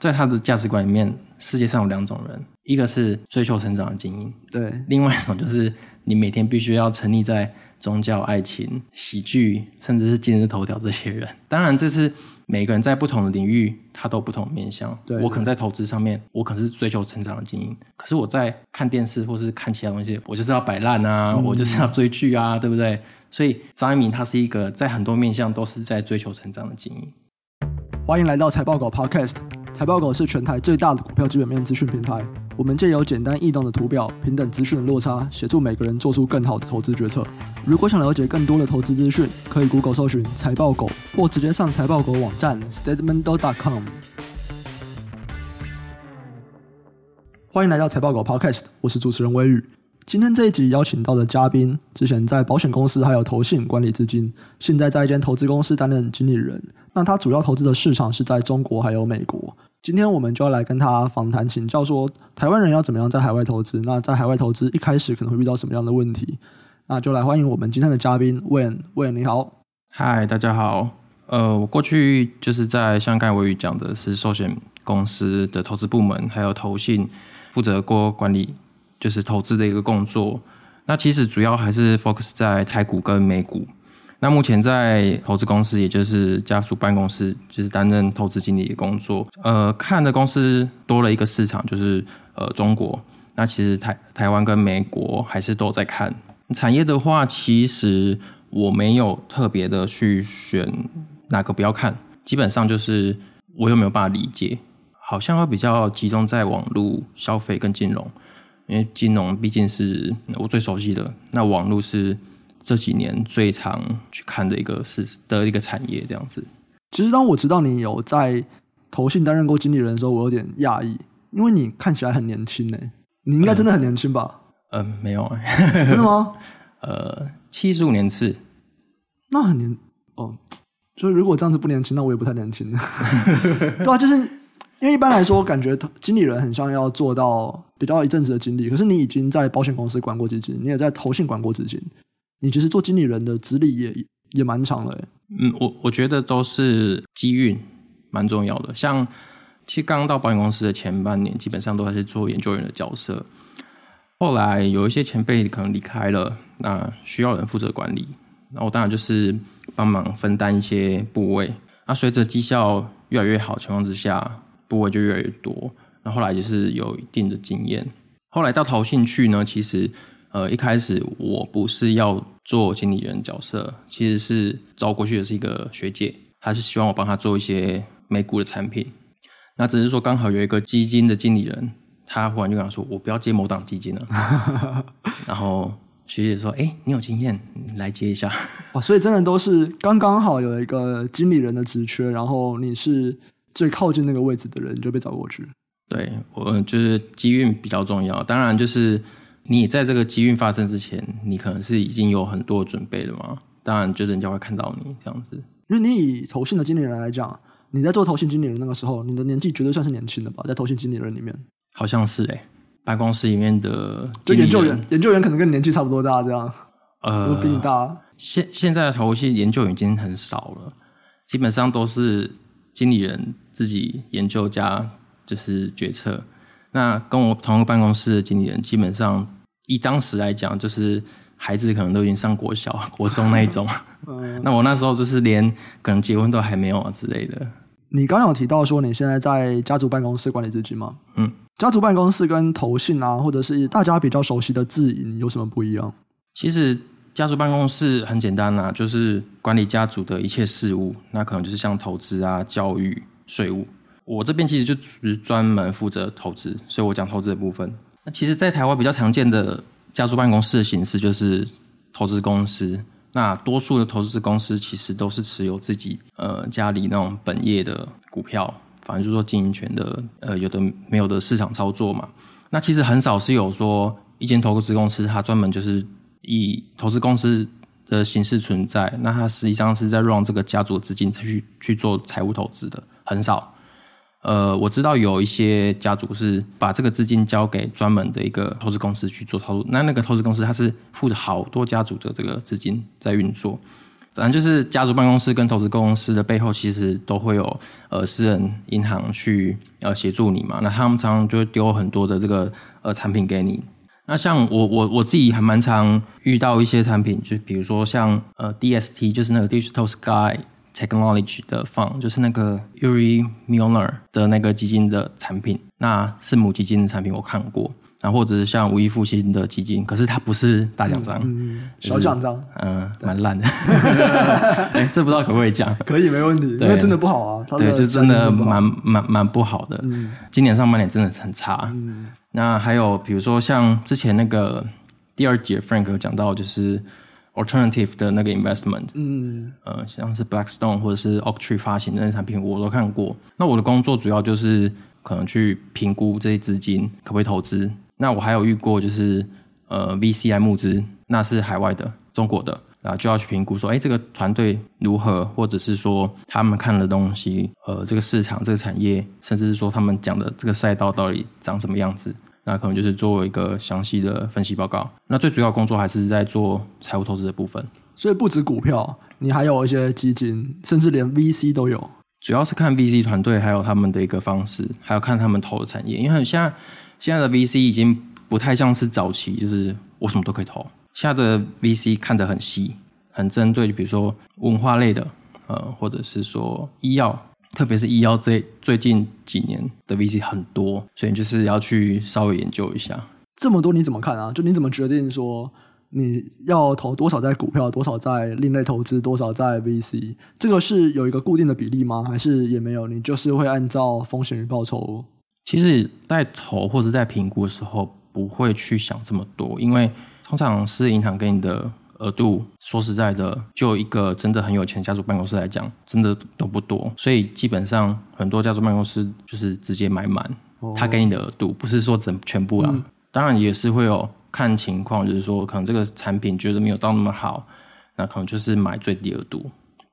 在他的價值觀裡面，世界上有兩種人，一個是追求成長的精英，對。另外一種就是你每天必須要沉溺在宗教、愛情、喜劇，甚至是今日頭條這些人。當然，這是每個人在不同的領域，他都不同的面向。對。我可能在投資上面，我可能是追求成長的精英。可是我在看電視或是看其他東西，我就是要擺爛啊，我就是要追劇啊，嗯、對不對？所以張一鳴他是一個在很多面向都是在追求成長的精英。歡迎來到財報狗 Podcast。財報狗是全台最大的股票基本面資訊平台，我們借由簡單易懂的圖表、平等資訊的落差，協助每個人做出更好的投資決策。如果想了解更多的投資資訊，可以 Google 搜尋財報狗，或直接上財報狗網站 statementdog.com。歡迎來到財報狗 Podcast，我是主持人威宇。今天這一集邀請到的嘉賓，之前在保險公司還有投信管理資金，現在在一間投資公司擔任經理人。那他主要投資的市場是在中國還有美國。今天我們就要來跟他訪談，請教說台灣人要怎麼樣在海外投資？那在海外投資一開始可能會遇到什麼樣的問題？那就來歡迎我們今天的嘉賓 Wayne，Wayne，你好，嗨，大家好。呃，我過去就是在香港維語講的是壽險公司的投資部門，還有投信負責過管理，就是投資的一個工作。那其實主要還是 focus 在台股跟美股。那目前在投資公司，也就是家族辦公室，就是擔任投資經理的工作。呃，看的公司多了一個市場，就是呃中國。那其實台台灣跟美國還是都有在看。產業的話，其實我沒有特別的去選哪個不要看，基本上就是我有沒有辦法理解，好像會比較集中在網絡消費跟金融，因為金融畢竟是我最熟悉的，那網絡是這幾年最常去看的一個是的一個產業這樣子。其實當我知道你有在投信擔任過經理人的時候，我有點訝異，因為你看起來很年輕哎，你應該真的很年輕吧？嗯，嗯，沒有、哎， 真的嗎？呃，七十五年次，那很年哦，所以如果這樣子不年輕，那我也不太年輕。對啊，就是因為一般來說，感覺經理人很像要做到比較一陣子的經理，可是你已經在保險公司管過資金，你也在投信管過資金。你其實做經理人的資歷也也蠻長了，欸，嗯，我我覺得都是機運蠻重要的。像其實剛剛到保險公司的前半年，基本上都還是做研究員的角色。後來有一些前輩可能離開了，那需要人負責管理，那我當然就是幫忙分擔一些部位。那隨着績效越來越好的情況之下，部位就越來越多。那後，後來也是有一定的經驗。後來到投信去呢，其實。呃，一開始我不是要做經理人角色，其實是招過去的是一個學姐，她是希望我幫她做一些美股的產品。那只是說剛好有一個基金的經理人，他忽然就講說：“我不要接某檔基金了。” 然後學姐說：“哎、欸，你有經驗，你來接一下。”哦，所以真的都是剛剛好有一個經理人的職缺，然後你是最靠近那個位置的人，你就被招過去。對，我、呃、就是機運比較重要，當然就是。你在這個機運發生之前，你可能是已經有很多準備了嗎？當然，就人家會看到你這樣子。因為你以投信的經理人來講，你在做投信經理人那個時候，你的年紀絕對算是年輕的吧？在投信經理人裡面，好像是哎、欸，辦公室裡面的就研究員，研究員可能跟你年紀差不多大，這樣呃，比你大、啊。現現在的投信研究員已經很少了，基本上都是經理人自己研究加就是決策。那跟我同一個辦公室的經理人，基本上。以當時來講，就是孩子可能都已經上國小、國中那一種。 對 那我那時候就是連可能結婚都還沒有啊之類的。你剛剛有提到說你現在在家族辦公室管理資金嗎？嗯，家族辦公室跟投信啊，或者是大家比較熟悉的自營有什麼不一樣？其實家族辦公室很簡單啦、啊，就是管理家族的一切事務，那可能就是像投資啊、教育、稅務。我這邊其實就是專門負責投資，所以我講投資的部分。其實，在台灣比較常見的家族辦公室的形式就是投資公司。那多數的投資公司其實都是持有自己呃家裡那種本業的股票，反正就是說經營權的呃有的沒有的市場操作嘛。那其實很少是有說一間投資公司，它專門就是以投資公司的形式存在，那它實際上是在讓這個家族資金去去做財務投資的，很少。呃，我知道有一些家族是把這個資金交給專門的一個投資公司去做操作，那那個投資公司它是負責好多家族的這個資金在運作。反正就是家族辦公室跟投資公司的背後，其實都會有呃私人銀行去呃協助你嘛。那他們常常就會丟很多的這個呃產品給你。那像我我我自己還蠻常遇到一些產品，就比如說像呃 DST，就是那個 Digital Sky。Technology 的 fund，就是那個 Yuri Milner 的那個基金的產品，那是母基金的產品，我看過。然後或者是像文藝復興的基金，可是它不是大獎章，小獎章，嗯，蠻爛的。哎對、 欸，這不知道可不可以講？ 可以，沒問題。對因為真的不好啊。對，就真的蠻蠻蠻不好的。嗯，今年上半年真的是很差。嗯、那還有比如說像之前那個第二集 Frank 有講到，就是。alternative 的那個 investment，嗯，呃，像是 Blackstone 或者是 Oaktree 發行的那些產品，我都看過。那我的工作主要就是可能去評估這些資金可不可以投資。那我還有遇過就是呃 VCI 募資，那是海外的、中國的，啊，就要去評估說，哎，這個團隊如何，或者是說他們看的東西，呃，這個市場、這個產業，甚至是說他們講的這個賽道到底長什麼樣子。那可能就是做一個詳細的分析報告。那最主要工作還是在做財務投資的部分。所以不止股票，你還有一些基金，甚至連 VC 都有。主要是看 VC 團隊，還有他們的一個方式，還有看他們投的產業。因為現在現在的 VC 已經不太像是早期，就是我什麼都可以投。現在的 VC 看得很細，很針對，比如說文化類的，呃、嗯，或者是說醫藥。特別是醫藥，這最近幾年的 VC 很多，所以就是要去稍微研究一下。這麼多你怎麼看啊？就你怎麼決定說你要投多少在股票，多少在另類投資，多少在 VC？這個是有一個固定的比例嗎？還是也沒有？你就是會按照風險與報酬？其實在投或者在評估的時候，不會去想這麼多，因為通常是銀行給你的。額度說實在的，就一個真的很有錢的家族辦公室來講，真的都不多，所以基本上很多家族辦公室就是直接買滿，他給你的額度，哦、不是說整全部啊，嗯、當然也是會有看情況，就是說可能這個產品覺得沒有到那麼好，那可能就是買最低額度，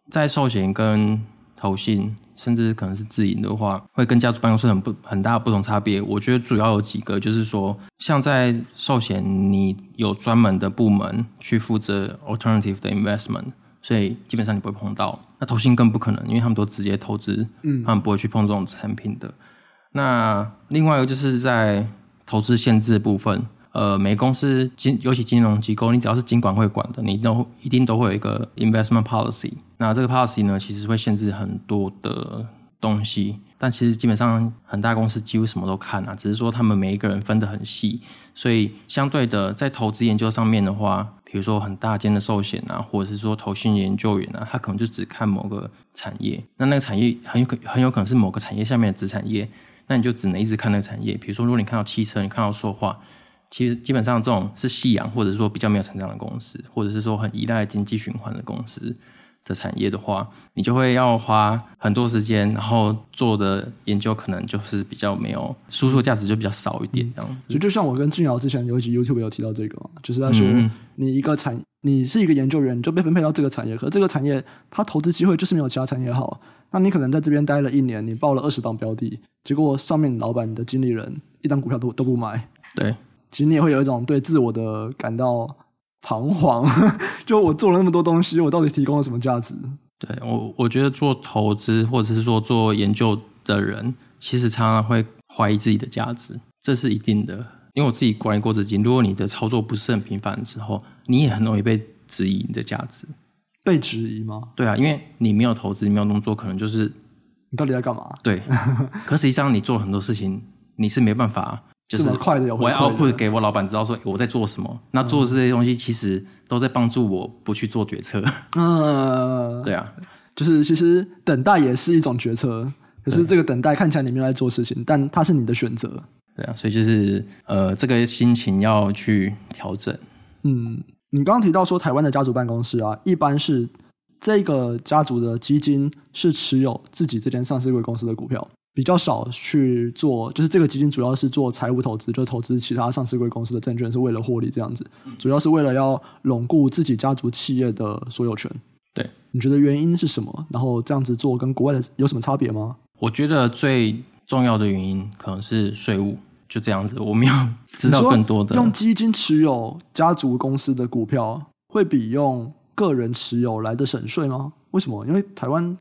在壽險跟投信甚至可能是自營的話，會跟家族辦公室很不，很大的不同差別。我覺得主要有幾個，就是說，像在壽險，你有專門的部門去負責 alternative 的 investment，所以基本上你不會碰到。那投信更不可能，因為他們都直接投資，嗯、他們不會去碰這種產品的。那另外一個就是在投資限制部分，呃，每公司金，尤其金融機構，你只要是金管會管的，你都一定都會有一個 investment policy。那這個 policy 呢，其實會限制很多的東西，但其實基本上很大公司幾乎什麼都看啊，只是說他們每一個人分得很細，所以相對的在投資研究上面的話，比如說很大間的壽險啊，或者是說投信研究員啊，他可能就只看某個產業，那那個產業很很有可能是某個產業下面的子產業，那你就只能一直看那個產業。比如說如果你看到汽車，你看到塑化，其實基本上這種是夕陽，或者是說比較沒有成長的公司，或者是說很依賴經濟循環的公司，的產業的話，你就會要花很多時間，然後做的研究可能就是比較沒有輸出價值，就比較少一點這樣子。嗯、就像我跟俊堯之前有一集 YouTube 有提到這個嘛，就是他說，你一個產，嗯、你是一個研究員，你就被分配到這個產業，可這個產業它投資機會就是沒有其他產業好，那你可能在這邊待了一年，你報了二十檔標的，結果上面你老闆的經理人一檔股票都都不買，對，其實你也會有一種對自我的感到。彷徨，就我做了那麼多東西，我到底提供了什麼價值？對我，我覺得做投資或者是說做研究的人，其實常常會懷疑自己的價值，這是一定的。因為我自己管理過資金，如果你的操作不是很頻繁之後，你也很容易被質疑你的價值。被質疑嗎？對啊，因為你沒有投資，你沒有動作，可能就是你到底在幹嘛？對。 可實際上，你做了很多事情，你是沒辦法。就是我要會給我老板知道說我在做什麼，嗯、那做這些東西其實都在幫助我不去做決策。嗯， 對啊，就是其實等待也是一種決策，對可是這個等待看起來你沒有在做事情，但它是你的選擇。對啊，所以就是呃，這個心情要去調整。嗯，你剛剛提到說台灣的家族辦公室啊，一般是這個家族的基金是持有自己這間上市櫃公司的股票。比較少去做，就是這個基金主要是做財務投資，就是、投資其他上市櫃公司的證券，是為了獲利這樣子。主要是為了要鞏固自己家族企業的所有權。對，你覺得原因是什麼？然後這樣子做跟國外的有什麼差別嗎？我覺得最重要的原因可能是稅務，對就這樣子。我們要知道更多的，用基金持有家族公司的股票，會比用個人持有來的省稅嗎？為什麼？因為台灣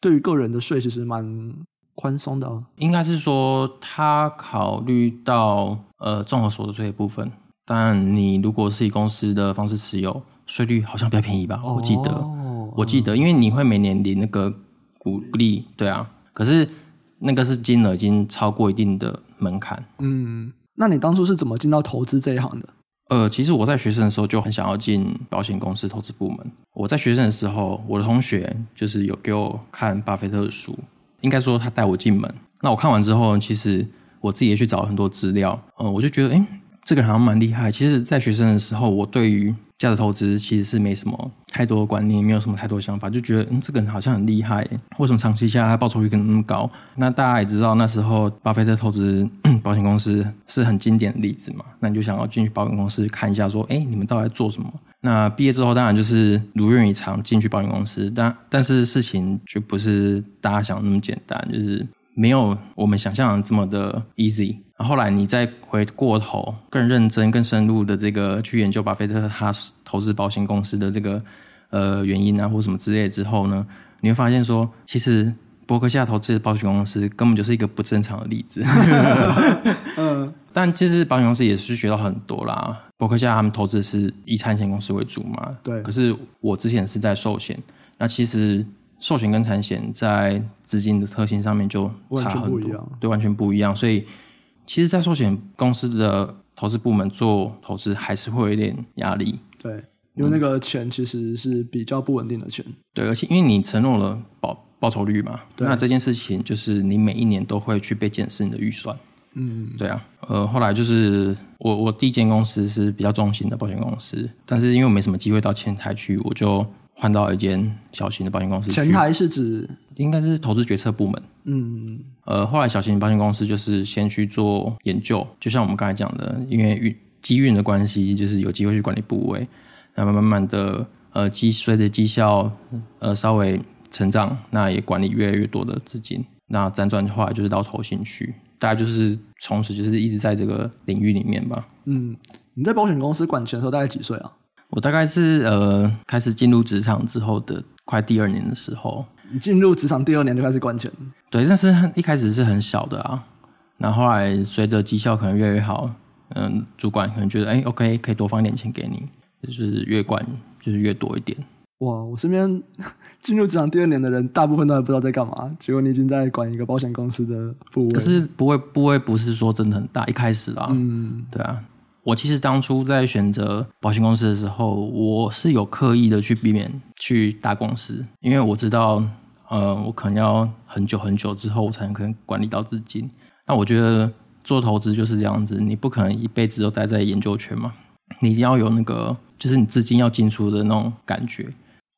對於個人的稅其實蠻。寬鬆的、啊、應該是說，他考慮到呃綜合所得稅的部分。但你如果是以公司的方式持有，稅率好像比較便宜吧？哦、我記得，哦、我記得，因為你會每年領那個股利，對啊。可是那個是金額已經超過一定的門檻。嗯，那你當初是怎麼進到投資這一行的？呃，其實我在學生的時候就很想要進保險公司投資部門。我在學生的時候，我的同學就是有給我看巴菲特的書。應該說，他帶我進門。那我看完之後，其實我自己也去找了很多資料，嗯，我就覺得，誒、欸。這個好像蠻厲害。其實，在學生的時候，我對於價值投資其實是沒什麼太多的觀念，沒有什麼太多想法，就覺得嗯，這個人好像很厲害。為什麼長期下來他報酬率可能那麼高？那大家也知道，那時候巴菲特投資 保險公司是很經典的例子嘛。那你就想要進去保險公司看一下說，說哎，你們到底在做什麼？那畢業之後，當然就是如願以償進去保險公司。但但是事情就不是大家想的那麼簡單，就是沒有我們想象的這麼的 easy。後來你再回過頭更認真、更深入的這個去研究巴菲特他投資保險公司的這個呃原因啊，或什麼之類之後呢，你會發現說，其實伯克夏投資的保險公司根本就是一個不正常的例子。嗯，但其實保險公司也是學到很多啦。伯克夏他們投資是以產險公司為主嘛？對。可是我之前是在壽險，那其實壽險跟產險在資金的特性上面就差很多，對，完全不一樣，所以。其實在說前，在壽險公司的投資部門做投資，還是會有一點壓力。對，因為那個錢其實是比較不穩定的錢。嗯、對，而且因為你承諾了保報酬率嘛，對那這件事情就是你每一年都會去被檢視你的預算。嗯，對啊。呃，後來就是我我第一間公司是比較中型的保險公司，但是因為我沒什麼機會到前台去，我就。換到一間小型的保險公司。前台是指，應該是投資決策部門。嗯，呃，後來小型的保險公司就是先去做研究，就像我們剛才講的，因為機運的關係，就是有機會去管理部位，然後慢慢的，呃，積隨着績效，呃，稍微成長，那也管理越來越多的資金，那輾轉的話就是到投行去，大概就是從此就是一直在這個領域裡面吧。嗯，你在保險公司管錢的時候大概幾歲啊？我大概是呃，開始進入職場之後的快第二年的時候。你進入職場第二年就開始管錢？對，但是一開始是很小的啊，然後後來隨着績效可能越來越好，嗯，主管可能覺得，哎，OK，可以多放點錢給你，就是越管就是越多一點。哇，我身邊進入職場第二年的人，大部分都還不知道在幹嘛，結果你已經在管一個保險公司的部位，可是不會不會，不是說真的很大，一開始啊，嗯，對啊。我其實當初在選擇保險公司的時候，我是有刻意的去避免去大公司，因為我知道，呃，我可能要很久很久之後我才能可能管理到資金。那我覺得做投資就是這樣子，你不可能一輩子都待在研究圈嘛，你一定要有那個就是你資金要進出的那種感覺。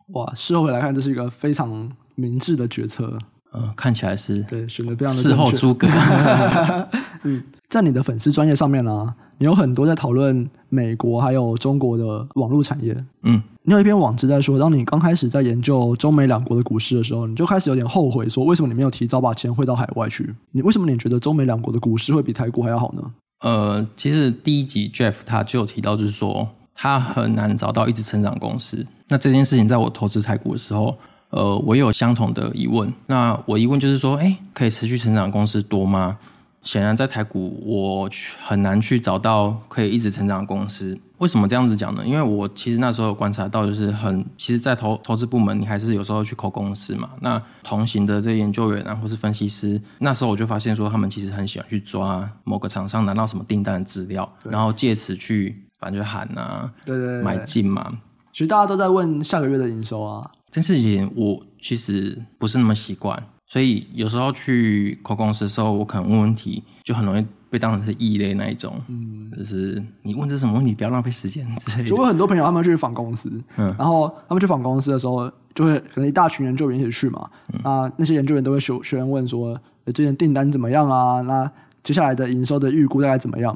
哇，事後來看，這是一個非常明智的決策。嗯、呃，看起來是對選擇非常的事後諸葛。 嗯，在你的粉絲專頁上面呢、啊？你有很多在討論美國還有中國的網絡產業，嗯，你有一篇網誌在說，當你剛開始在研究中美兩國的股市的時候，你就開始有點後悔，說為什麼你沒有提早把錢匯到海外去？你為什麼你覺得中美兩國的股市會比台股還要好呢？呃，其實第一集 Jeff 他就有提到，就是說他很難找到一直成長的公司。那這件事情在我投資台股的時候，呃，我有相同的疑問。那我疑問就是說，哎、欸，可以持續成長的公司多嗎？顯然，在台股，我很難去找到可以一直成長的公司。為什麼這樣子講呢？因為我其實那時候觀察到，就是很其實，在投投資部門，你還是有時候去 call 公司嘛。那同行的這個研究員，啊，或是分析師，那時候我就發現說，他們其實很喜歡去抓某個廠商拿到什麼訂單的資料，對然後借此去反正就喊啊，對對，對對，買進嘛。其實大家都在問下個月的營收啊，這件事情我其實不是那麼習慣。所以有時候去考公司的時候，我可能問問題就很容易被當成是異類那一種。嗯，就是你問這什麼問題？不要浪費時間。嗯。就我很多朋友他們去訪公司，嗯、然後他們去訪公司的時候，就會可能一大群人就一起去嘛。啊、嗯，那，那些研究員都會學詢問說、欸、最近訂單怎麼樣啊？那接下來的營收的預估大概怎麼樣？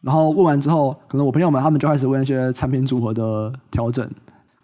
然後問完之後，可能我朋友們他們就開始問一些產品組合的調整。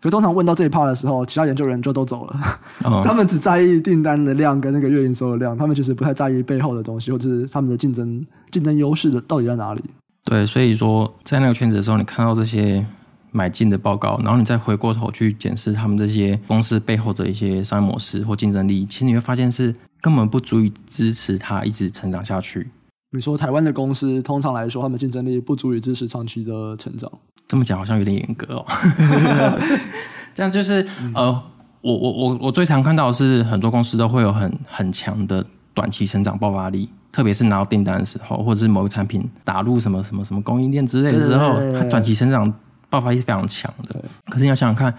可通常問到這一 part 的時候，其他研究人就都走了。哦。他們只在意訂單的量跟那個月營收的量，他們其實不太在意背後的東西，或者是他們的競爭競爭優勢的到底在哪裡。對，所以說在那個圈子的時候，你看到這些買進的報告，然後你再回過頭去檢視他們這些公司背後的一些商業模式或競爭力，其實你會發現是根本不足以支持他一直成長下去。你說台灣的公司通常來說，他們競爭力不足以支持長期的成長。這麼講好像有點嚴格哦、喔。 這樣就是、嗯、呃，我我我我最常看到的是很多公司都會有很很強的短期成長爆發力，特別是拿到訂單的時候，或者是某個產品打入什麼什麼什麼供應鏈之類的時候，對對對對，它短期成長爆發力非常強的。對對對對，可是你要想想看，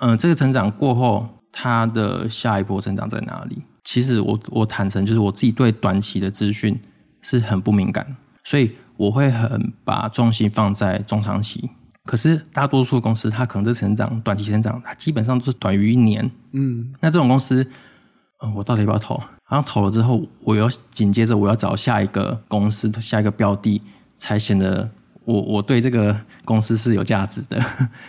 嗯、呃，這個成長過後，它的下一波成長在哪裡？其實我我坦誠，就是我自己對短期的資訊。是很不敏感，所以我會很把重心放在中長期。可是大多數公司它可能是成長短期成長，它基本上都是短於一年。嗯，那這種公司，呃，我到底要不要投？好像投了之後，我要緊接着我要找下一個公司、下一個標的，才顯得我我對這個公司是有價值的。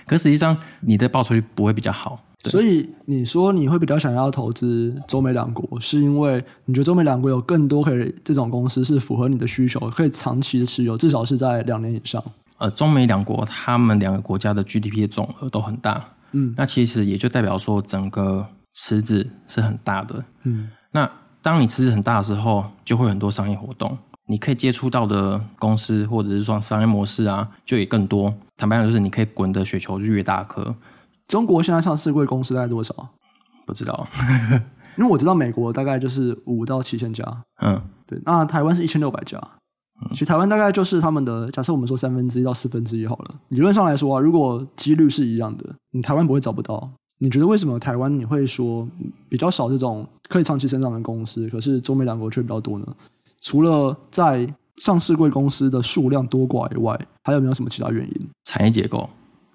可實際上，你的報酬率不會比較好。對所以你說你會比較想要投資中美兩國，是因為你覺得中美兩國有更多可以這種公司是符合你的需求，可以長期持有，至少是在兩年以上。呃，中美兩國他們兩個國家的 GDP 的總額都很大，嗯，那其實也就代表說整個池子是很大的，嗯，那當你池子很大的時候，就會有很多商業活動，你可以接觸到的公司或者是說商業模式啊，就也更多。坦白講，就是你可以滾的雪球越大顆。中國現在上市櫃公司大概多少？不知道， 因為我知道美國大概就是五到七千家。嗯，對，那台灣是一千六百家。其實台灣大概就是他們的，假設我們說三分之一到四分之一好了。理論上來說啊，如果幾率是一樣的，你台灣不會找不到。你覺得為什麼台灣你會說比較少這種可以長期成長的公司，可是中美兩國卻比較多呢？除了在上市櫃公司的數量多寡以外，還有沒有什麼其他原因？產業結構。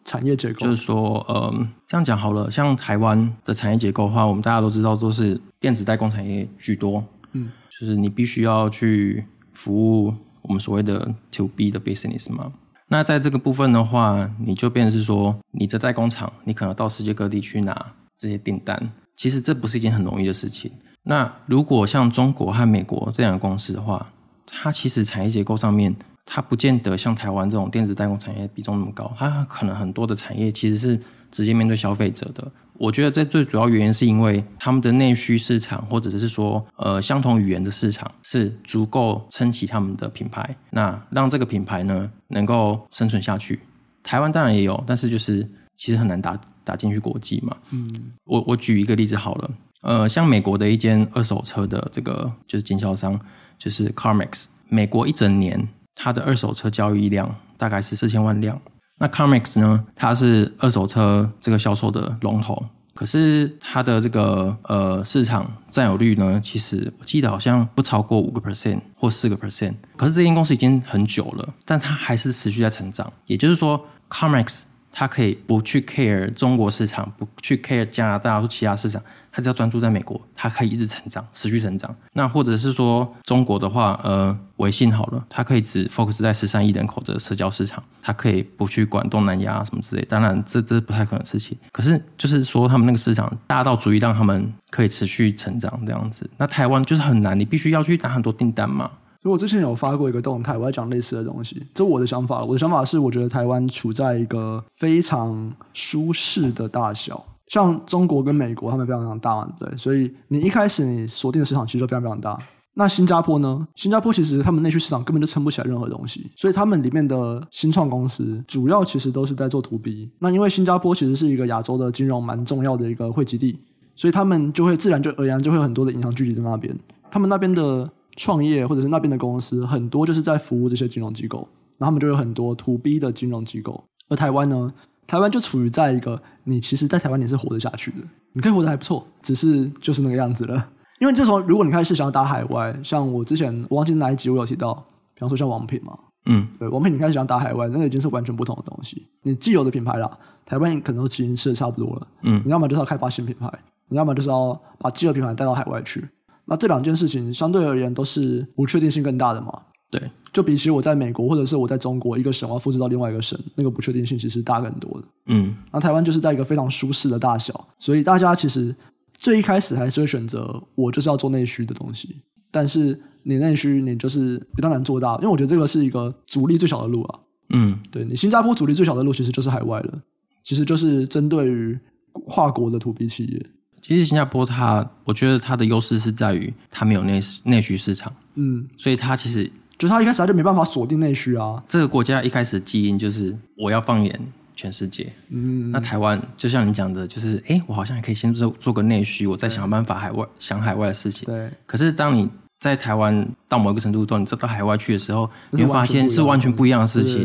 產業結構就是說，嗯，這樣講好了。像台灣的產業結構的話，我們大家都知道都是電子代工產業居多，嗯，就是你必須要去服務我們所謂的 To B 的 business 嘛。那在這個部分的話，你就變成是說，你的代工廠，你可能到世界各地去拿這些訂單，其實這不是一件很容易的事情。那如果像中國和美國這兩個公司的話，它其實產業結構上面。它不見得像台灣這種電子代工產業比重那麼高，它可能很多的產業其實是直接面對消費者的。我覺得這最主要原因是因為他們的內需市場，或者是說呃相同語言的市場是足夠撐起他們的品牌，那讓這個品牌呢能夠生存下去。台灣當然也有，但是就是其實很難打打進去國際嘛。嗯，我我舉一個例子好了，呃，像美國的一間二手車的這個就是經銷商，就是 CarMax，美國一整年。它的二手車交易量大概是四千萬輛。那 CarMax 呢？它是二手車這個銷售的龍頭，可是它的這個呃市場占有率呢，其實我記得好像不超過五個 percent 或四個 percent。可是這間公司已經很久了，但它還是持續在成長。也就是說，CarMax。他可以不去 care 中國市場，不去 care 加拿大或其他市場，他只要專注在美國，他可以一直成長，持續成長。那或者是說中國的話，呃，微信好了，他可以只 focus 在十三億人口的社交市場，他可以不去管東南亞什麼之類。當然這，這這不太可能的事情。可是就是說，他們那個市場大到足以讓他們可以持續成長這樣子。那台灣就是很難，你必須要去拿很多訂單嘛。如果之前有發過一個動態，我要講類似的東西。這是我的想法，我的想法是，我覺得台灣處在一個非常舒適的大小，像中國跟美國，他們非常非常大嘛，對，所以你一開始你鎖定的市場其實就非常非常大。那新加坡呢？新加坡其實他們內需市場根本就撐不起來任何東西，所以他們裡面的新創公司主要其實都是在做 to B。那因為新加坡其實是一個亞洲的金融蠻重要的一個匯集地，所以他們就會自然就而然就會有很多的銀行聚集在那邊，他們那邊的。創業或者是那邊的公司，很多就是在服務這些金融機構，然後他們就有很多 to B 的金融機構。而台灣呢，台灣就處於在一個你其實，在台灣你是活得下去的，你可以活得還不錯，只是就是那個樣子了。因為這時候，如果你開始想要打海外，像我之前我忘記哪一集我有提到，比方說像王品嘛，嗯，對，王品你開始想打海外，那個已經是完全不同的東西。你既有的品牌啦，台灣可能都已經吃的差不多了，嗯，你要麼就是要開發新品牌，你要麼就是要把既有品牌帶到海外去。那這兩件事情相對而言都是不確定性更大的嘛。對，就比起我在美國，或者是我在中國一個省，我要複製到另外一個省，那個不確定性其實大很多的。嗯，那台灣就是在一個非常舒適的大小，所以大家其實最一開始還是會選擇我就是要做內需的東西，但是你內需你就是比較難做大，因為我覺得這個是一個阻力最小的路啊。嗯，對你新加坡阻力最小的路其實就是海外了，其實就是針對於跨國的 to B 企業。其實新加坡它，我覺得它的優勢是在於它沒有內內需市場，嗯，所以它其實就是它一開始就沒辦法鎖定內需啊。這個國家一開始的基因就是我要放眼全世界，嗯，那台灣就像你講的，就是誒我好像也可以先做做個內需，我再想辦法海外對想海外的事情。對，可是當你在台灣到某一個程度，到你再到海外去的時候，你會發現是完全不一樣的事情。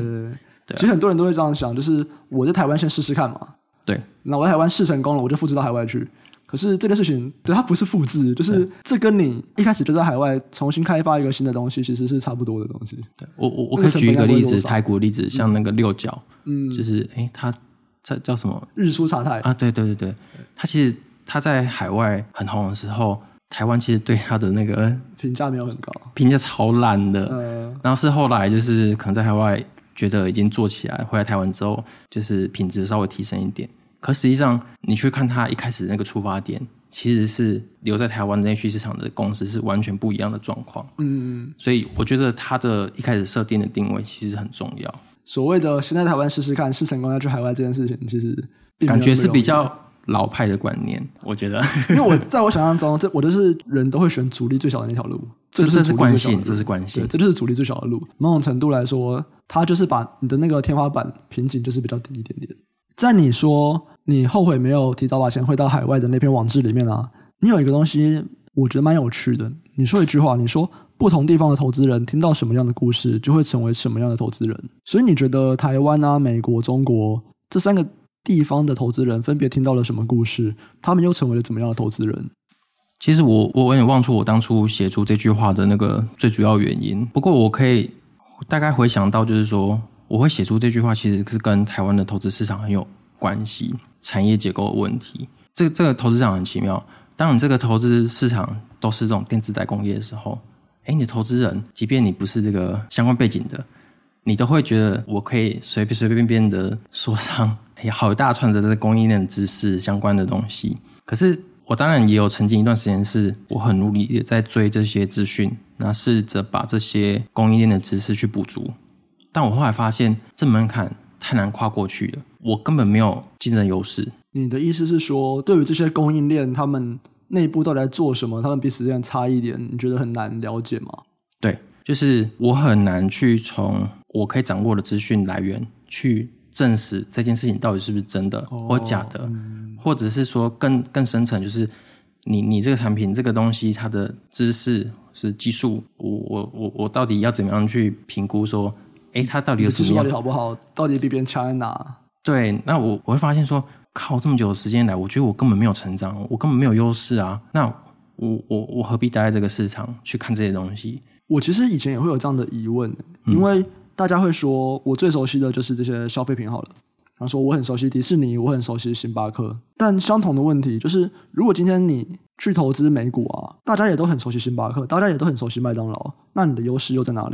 對，其實很多人都會這樣想，就是我在台灣先試試看嘛，對，那我在台灣試成功了，我就複製到海外去。可是這件事情，對，它不是複製，就是這跟你一開始就在海外重新開發一個新的東西，其實是差不多的東西。對，我我我可以舉一個例子，嗯、台股例子，像那個六角，嗯，就是誒，它在叫什麼？日出茶太啊，對對對對，它其實它在海外很紅的時候，台灣其實對它的那個評價沒有很高，評價超爛的。嗯、然後是後來就是可能在海外覺得已經做起來，回來台灣之後，就是品質稍微提升一點。而實際上，你去看他一開始那個出發點，其實是留在台灣內需市場的公司，是完全不一樣的狀況。嗯嗯。所以我覺得他的一開始設定的定位其實很重要。所謂的先在台灣試試看，試成功再去海外這件事情，其實感覺是比較老派的觀念。嗯、我覺得，因為我在我想象中，這 我都是人都會選阻力最小的那條路。這是阻力最小。這是關係。這就是阻力最小的路。某種程度來說，他就是把你的那個天花板瓶頸就是比較低一點點。在你說你後悔沒有提早把錢匯到海外的那篇網誌裡面啊，你有一個東西，我覺得蠻有趣的。你說一句話，你說不同地方的投資人聽到什麼樣的故事，就會成為什麼樣的投資人。所以你覺得台灣啊、美國、中國這三個地方的投資人分別聽到了什麼故事？他們又成為了怎麼樣的投資人？其實我我有點忘出我當初寫出這句話的那個最主要原因，不過我可以大概回想到，就是說。我會寫出這句話，其實是跟台灣的投資市場很有關係，產業結構的問題。這個、這個投資市場很奇妙，當你這個投資市場都是這種電子代工業的時候，哎，你的投資人，即便你不是這個相關背景的，你都會覺得我可以隨隨隨便便的說上，哎，好大串的這個供應鏈的知識相關的東西。可是我當然也有曾經一段時間是，我很努力也在追這些資訊，那試着把這些供應鏈的知識去補足。但我後來發現，這門檻太難跨過去了，我根本沒有競爭優勢。你的意思是說，對於這些供應鏈，他們內部到底在做什麼？他們比實際上差一點，你覺得很難了解嗎？對，就是我很難去從我可以掌握的資訊來源去證實這件事情到底是不是真的、哦、或假的，嗯、或者是說更更深層，就是你你這個產品這個東西它的知識是技術，我我我我到底要怎麼樣去評估說？哎、欸，他到底有什麼技術，到底好不好？到底比別人強在哪？對，那我我會發現說，靠這麼久的時間來，我覺得我根本沒有成長，我根本沒有優勢啊。那我我我何必待在這個市場去看這些東西？我其實以前也會有這樣的疑問，因為大家會說，我最熟悉的就是這些消費品好了。然後說我很熟悉迪士尼，我很熟悉星巴克。但相同的問題就是，如果今天你去投資美股啊，大家也都很熟悉星巴克，大家也都很熟悉麥當勞，那你的優勢又在哪裡？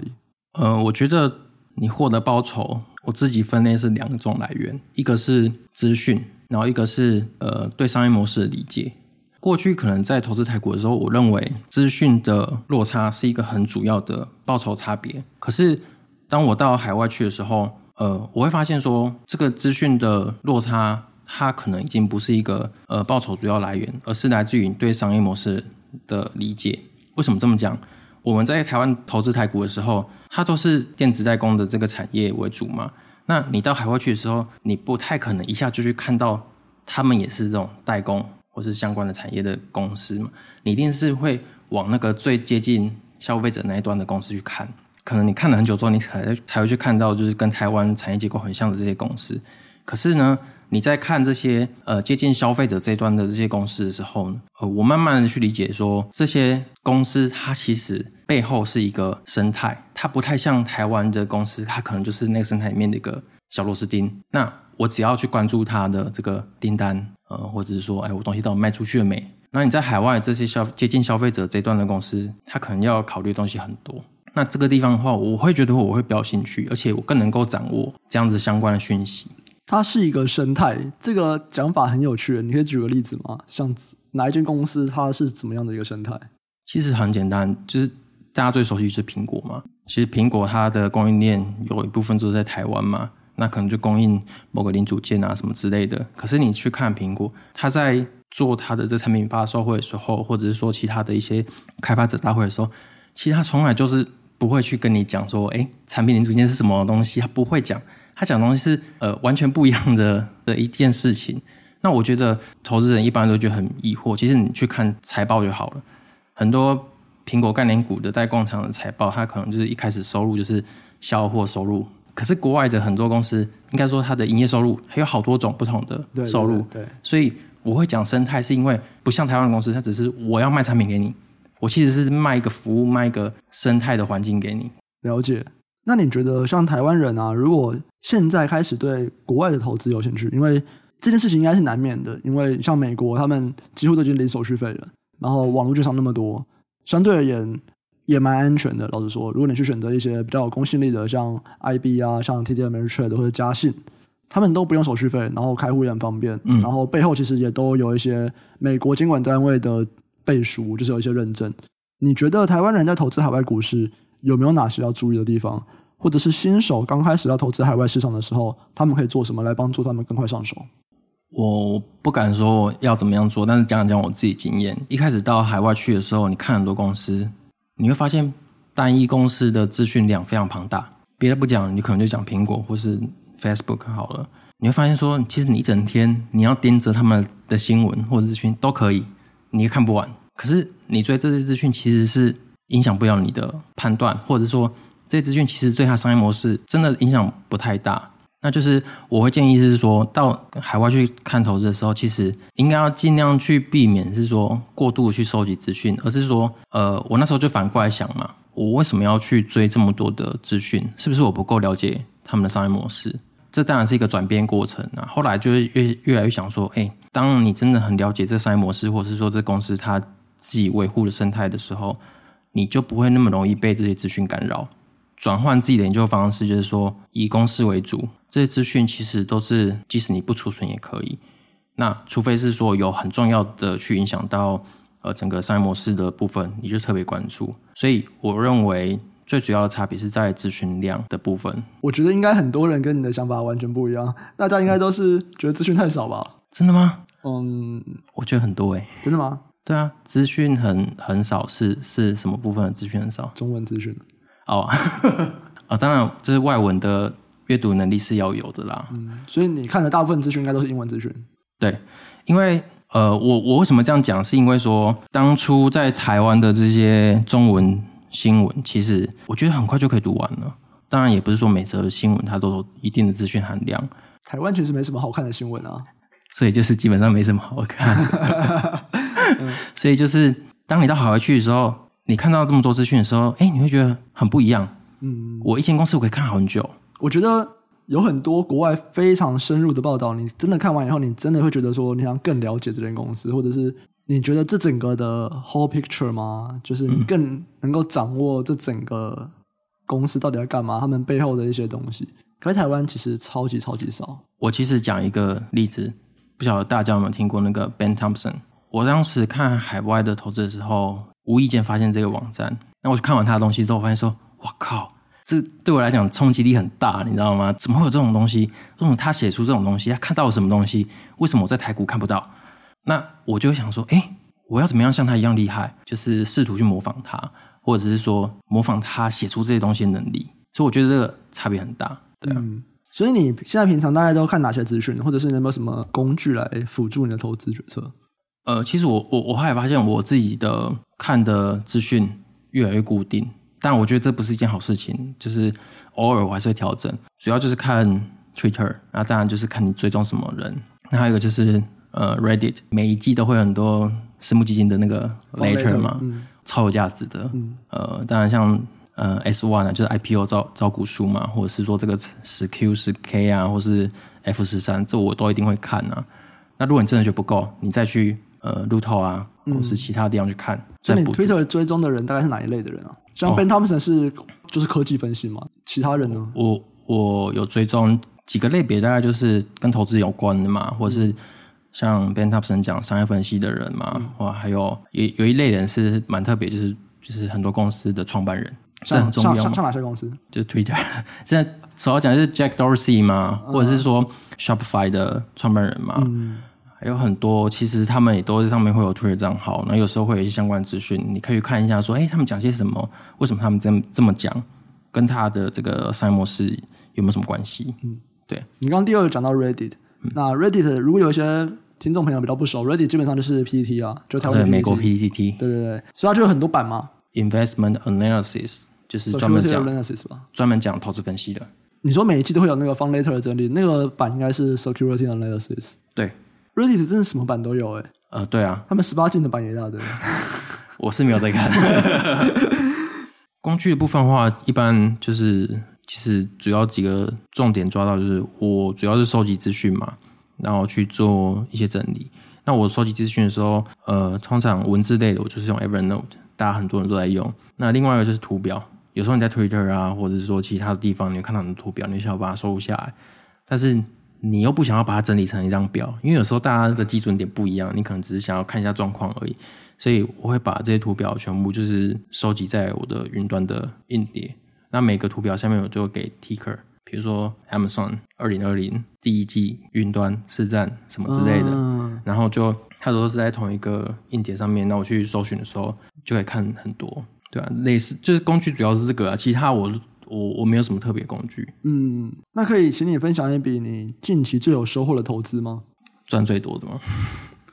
呃，我覺得。你獲得報酬，我自己分類是兩種來源，一個是資訊，然後一個是呃對商業模式的理解。過去可能在投資台股的時候，我認為資訊的落差是一個很主要的報酬差別。可是當我到海外去的時候，呃，我會發現說這個資訊的落差，它可能已經不是一個呃報酬主要來源，而是來自於對商業模式的理解。為什麼這麼講？我們在台灣投資台股的時候，它都是電子代工的這個產業為主嘛，那你到海外去的時候，你不太可能一下就去看到他們也是這種代工或是相關的產業的公司嘛，你一定是會往那個最接近消費者那一端的公司去看。可能你看了很久之後，你才才會去看到，就是跟台灣產業結構很像的這些公司。可是呢，你在看這些呃接近消費者這一端的這些公司的時候呢，呃，我慢慢的去理解說，這些公司它其實。背後是一個生態，它不太像台灣的公司，它可能就是那個生態裡面的一個小螺絲釘。那我只要去關注它的這個訂單，呃，或者是說，哎，我東西到底賣出去了沒？那你在海外這些消接近消費者這一段的公司，它可能要考慮東西很多。那這個地方的話，我會覺得我會比較興趣，而且我更能夠掌握這樣子相關的訊息。它是一個生態，這個講法很有趣，你可以舉個例子嗎？像哪一間公司它是怎麼樣的一個生態？其實很簡單，就是。大家最熟悉是蘋果嘛，其實蘋果它的供應鏈有一部分就是在台灣嘛，那可能就供應某個零組件啊什麼之類的。可是你去看蘋果，它在做它的這產品發售會的時候，或者是說其他的一些開發者大會的時候，其實它從來就是不會去跟你講說，哎、欸，產品零組件是什麼東西，他不會講。他講東西是呃完全不一樣的的一件事情。那我覺得投資人一般都覺得很疑惑。其實你去看財報就好了，很多。蘋果概念股的代工廠的財報，它可能就是一開始收入就是銷貨收入。可是國外的很多公司，應該說它的營業收入還有好多種不同的收入。對，對，所以我會講生態，是因為不像台灣的公司，它只是我要賣產品給你，我其實是賣一個服務，賣一個生態的環境給你。了解。那你覺得像台灣人啊，如果現在開始對國外的投資有興趣，因為這件事情應該是難免的，因為像美國他們幾乎都已經零手續費了，然後網絡券商那麼多。相對而言也蠻安全的。老實說，如果你去選擇一些比較有公信力的，像 IB 啊、像 TD Ameritrade 或者嘉信，他們都不用手續費，然後開戶也很方便。嗯。然後背後其實也都有一些美國監管單位的背書，就是有一些認證。你覺得台灣人在投資海外股市有沒有哪些要注意的地方？或者是新手剛開始要投資海外市場的時候，他們可以做什麼來幫助他們更快上手？我不敢說要怎麼樣做，但是講講我自己經驗。一開始到海外去的時候，你看很多公司，你會發現單一公司的資訊量非常龐大。別的不講，你可能就講蘋果或是 Facebook 好了，你會發現說，其實你一整天你要盯着他們的新聞或者資訊都可以，你也看不完。可是你對這些資訊其實是影響不了你的判斷，或者說這些資訊其實對它商業模式真的影響不太大。那就是我會建議是說到海外去看投資的時候，其實應該要儘量去避免是說過度去收集資訊，而是說，呃，我那時候就反過來想嘛，我為什麼要去追這麼多的資訊？是不是我不夠了解他們的商業模式？這當然是一個轉變過程啊。後來就是越越來越想說，哎，當你真的很了解這商業模式，或者是說這公司它自己維護的生態的時候，你就不會那麼容易被這些資訊干擾。轉換自己的研究方式，就是說以公司為主，這些資訊其實都是即使你不儲存也可以。那除非是說有很重要的去影響到呃，整個商業模式的部分，你就特別關注。所以我認為最主要的差別是在資訊量的部分。我覺得應該很多人跟你的想法完全不一樣，大家應該都是覺得資訊太少吧？真的嗎？嗯，um, 我覺得很多誒、欸，真的嗎？對啊，資訊很很少，是是什麼部分的資訊很少？中文資訊。 哦，啊、呃，當然，這是外文的閱讀能力是要有的啦。嗯，所以你看的大部分資訊應該都是英文資訊。對，因為呃，我我為什麼這樣講，是因為說當初在台灣的這些中文新聞，其實我覺得很快就可以讀完了。當然，也不是說每則新聞它都有一定的資訊含量。台灣其實沒什麼好看的新聞啊，所以就是基本上沒什麼好看。 所以就是當你到海外去的時候。你看到這麼多資訊的時候，欸，你會覺得很不一樣。嗯，我一間公司我可以看好很久。我覺得有很多國外非常深入的報道，你真的看完以後，你真的會覺得說你想更了解這間公司，或者是你覺得這整個的 whole picture 嗎？就是你更能夠掌握這整個公司到底在幹嘛，他們背後的一些東西。可是台灣其實超級超級少。我其實講一個例子，不曉得大家有沒有聽過那個 Ben Thompson？我當時看海外的投資的時候。無意間發現這個網站，那我去看完他的東西之後，我發現說：“我靠，這對我來講衝擊力很大，你知道嗎？怎麼會有這種東西？為什麼他寫出這種東西？他看到了什麼東西？為什麼我在台股看不到？”那我就會想說：“哎，我要怎麼樣像他一樣厲害？就是試圖去模仿他，或者是說模仿他寫出這些東西的能力。”所以我覺得這個差別很大，對啊。嗯，所以你現在平常大家都看哪些資訊，或者是你有沒有什麼工具來輔助你的投資決策？呃，其實我我我後來發現我自己的看的資訊越來越固定，但我覺得這不是一件好事情，就是偶爾我還是會調整，主要就是看 Twitter，那、啊、當然就是看你追蹤什麼人，那還有個就是呃 Reddit，每一季都會有很多私募基金的那個 letter 嘛，oh, 超有價值的，嗯、呃，當然像呃 S 一啊，就是 IPO 招招股書嘛，或者是說這個十 Q 十 K 啊，或者是 F 十三，這我都一定會看啊，那如果你真的覺得不夠，你再去。呃，路透啊，或是其他地方去看。所以、嗯、你 Twitter 追蹤的人大概是哪一類的人啊？像 Ben Thompson 是、哦、就是科技分析嘛，其他人呢？我我，我有追蹤幾個類別，大概就是跟投資有關的嘛，或者是像 Ben Thompson 講商業分析的人嘛，哇、嗯，還有有有一類人是蠻特別，就是就是很多公司的創辦人。像是很重要像像，像哪些公司？就 Twitter 現在主要講的是 Jack Dorsey 嘛，嗯、或者是說 Shopify 的創辦人嘛、嗯有很多，其實他們也都在上面會有 Twitter 賬號，那有時候會有一些相關資訊，你可以看一下，說，誒，他們講些什麼？為什麼他們這麼這麼講？跟他的這個商業模式有沒有什麼關係？嗯，對你剛剛第二個講到 Reddit、嗯、那 Reddit 如果有一些聽眾朋友比較不熟，Reddit 基本上就是 P T T 啊，就是它、哦、美國 P T T，對對對，所以它就有很多版嘛，Investment Analysis 就是專門講，吧專門講投資分析的。你說每一期都會有那個 Fund Letter 的整理，那個版應該是 Security Analysis，對。Reddit 真的什麼版都有哎，欸，呃，對啊，他們十八禁的版也一大堆對。 我是沒有在看。 工具的部分的話，一般就是其實主要幾個重點抓到就是，我主要是收集資訊嘛，然後去做一些整理。那我收集資訊的時候，呃，通常文字類的我就是用 Evernote，大家很多人都在用。那另外一個就是圖表，有時候你在 Twitter 啊，或者是說其他的地方，你會看到很多圖表，你會想要把它收錄下來，但是。你又不想要把它整理成一張表，因為有時候大家的基準點不一樣，你可能只是想要看一下狀況而已。所以我會把這些圖表全部就是收集在我的雲端的硬碟。那每個圖表下面我就給 Ticker，比如說 Amazon 二零二零第一季雲端市占什麼之類的。哦、然後就它都是在同一個硬碟上面。那我去搜尋的時候就會看很多，對吧、啊？類似就是工具主要是這個，啊，其他我。我我沒有什麼特別工具。嗯，那可以請你分享一筆你近期最有收穫的投資嗎？賺最多的嗎？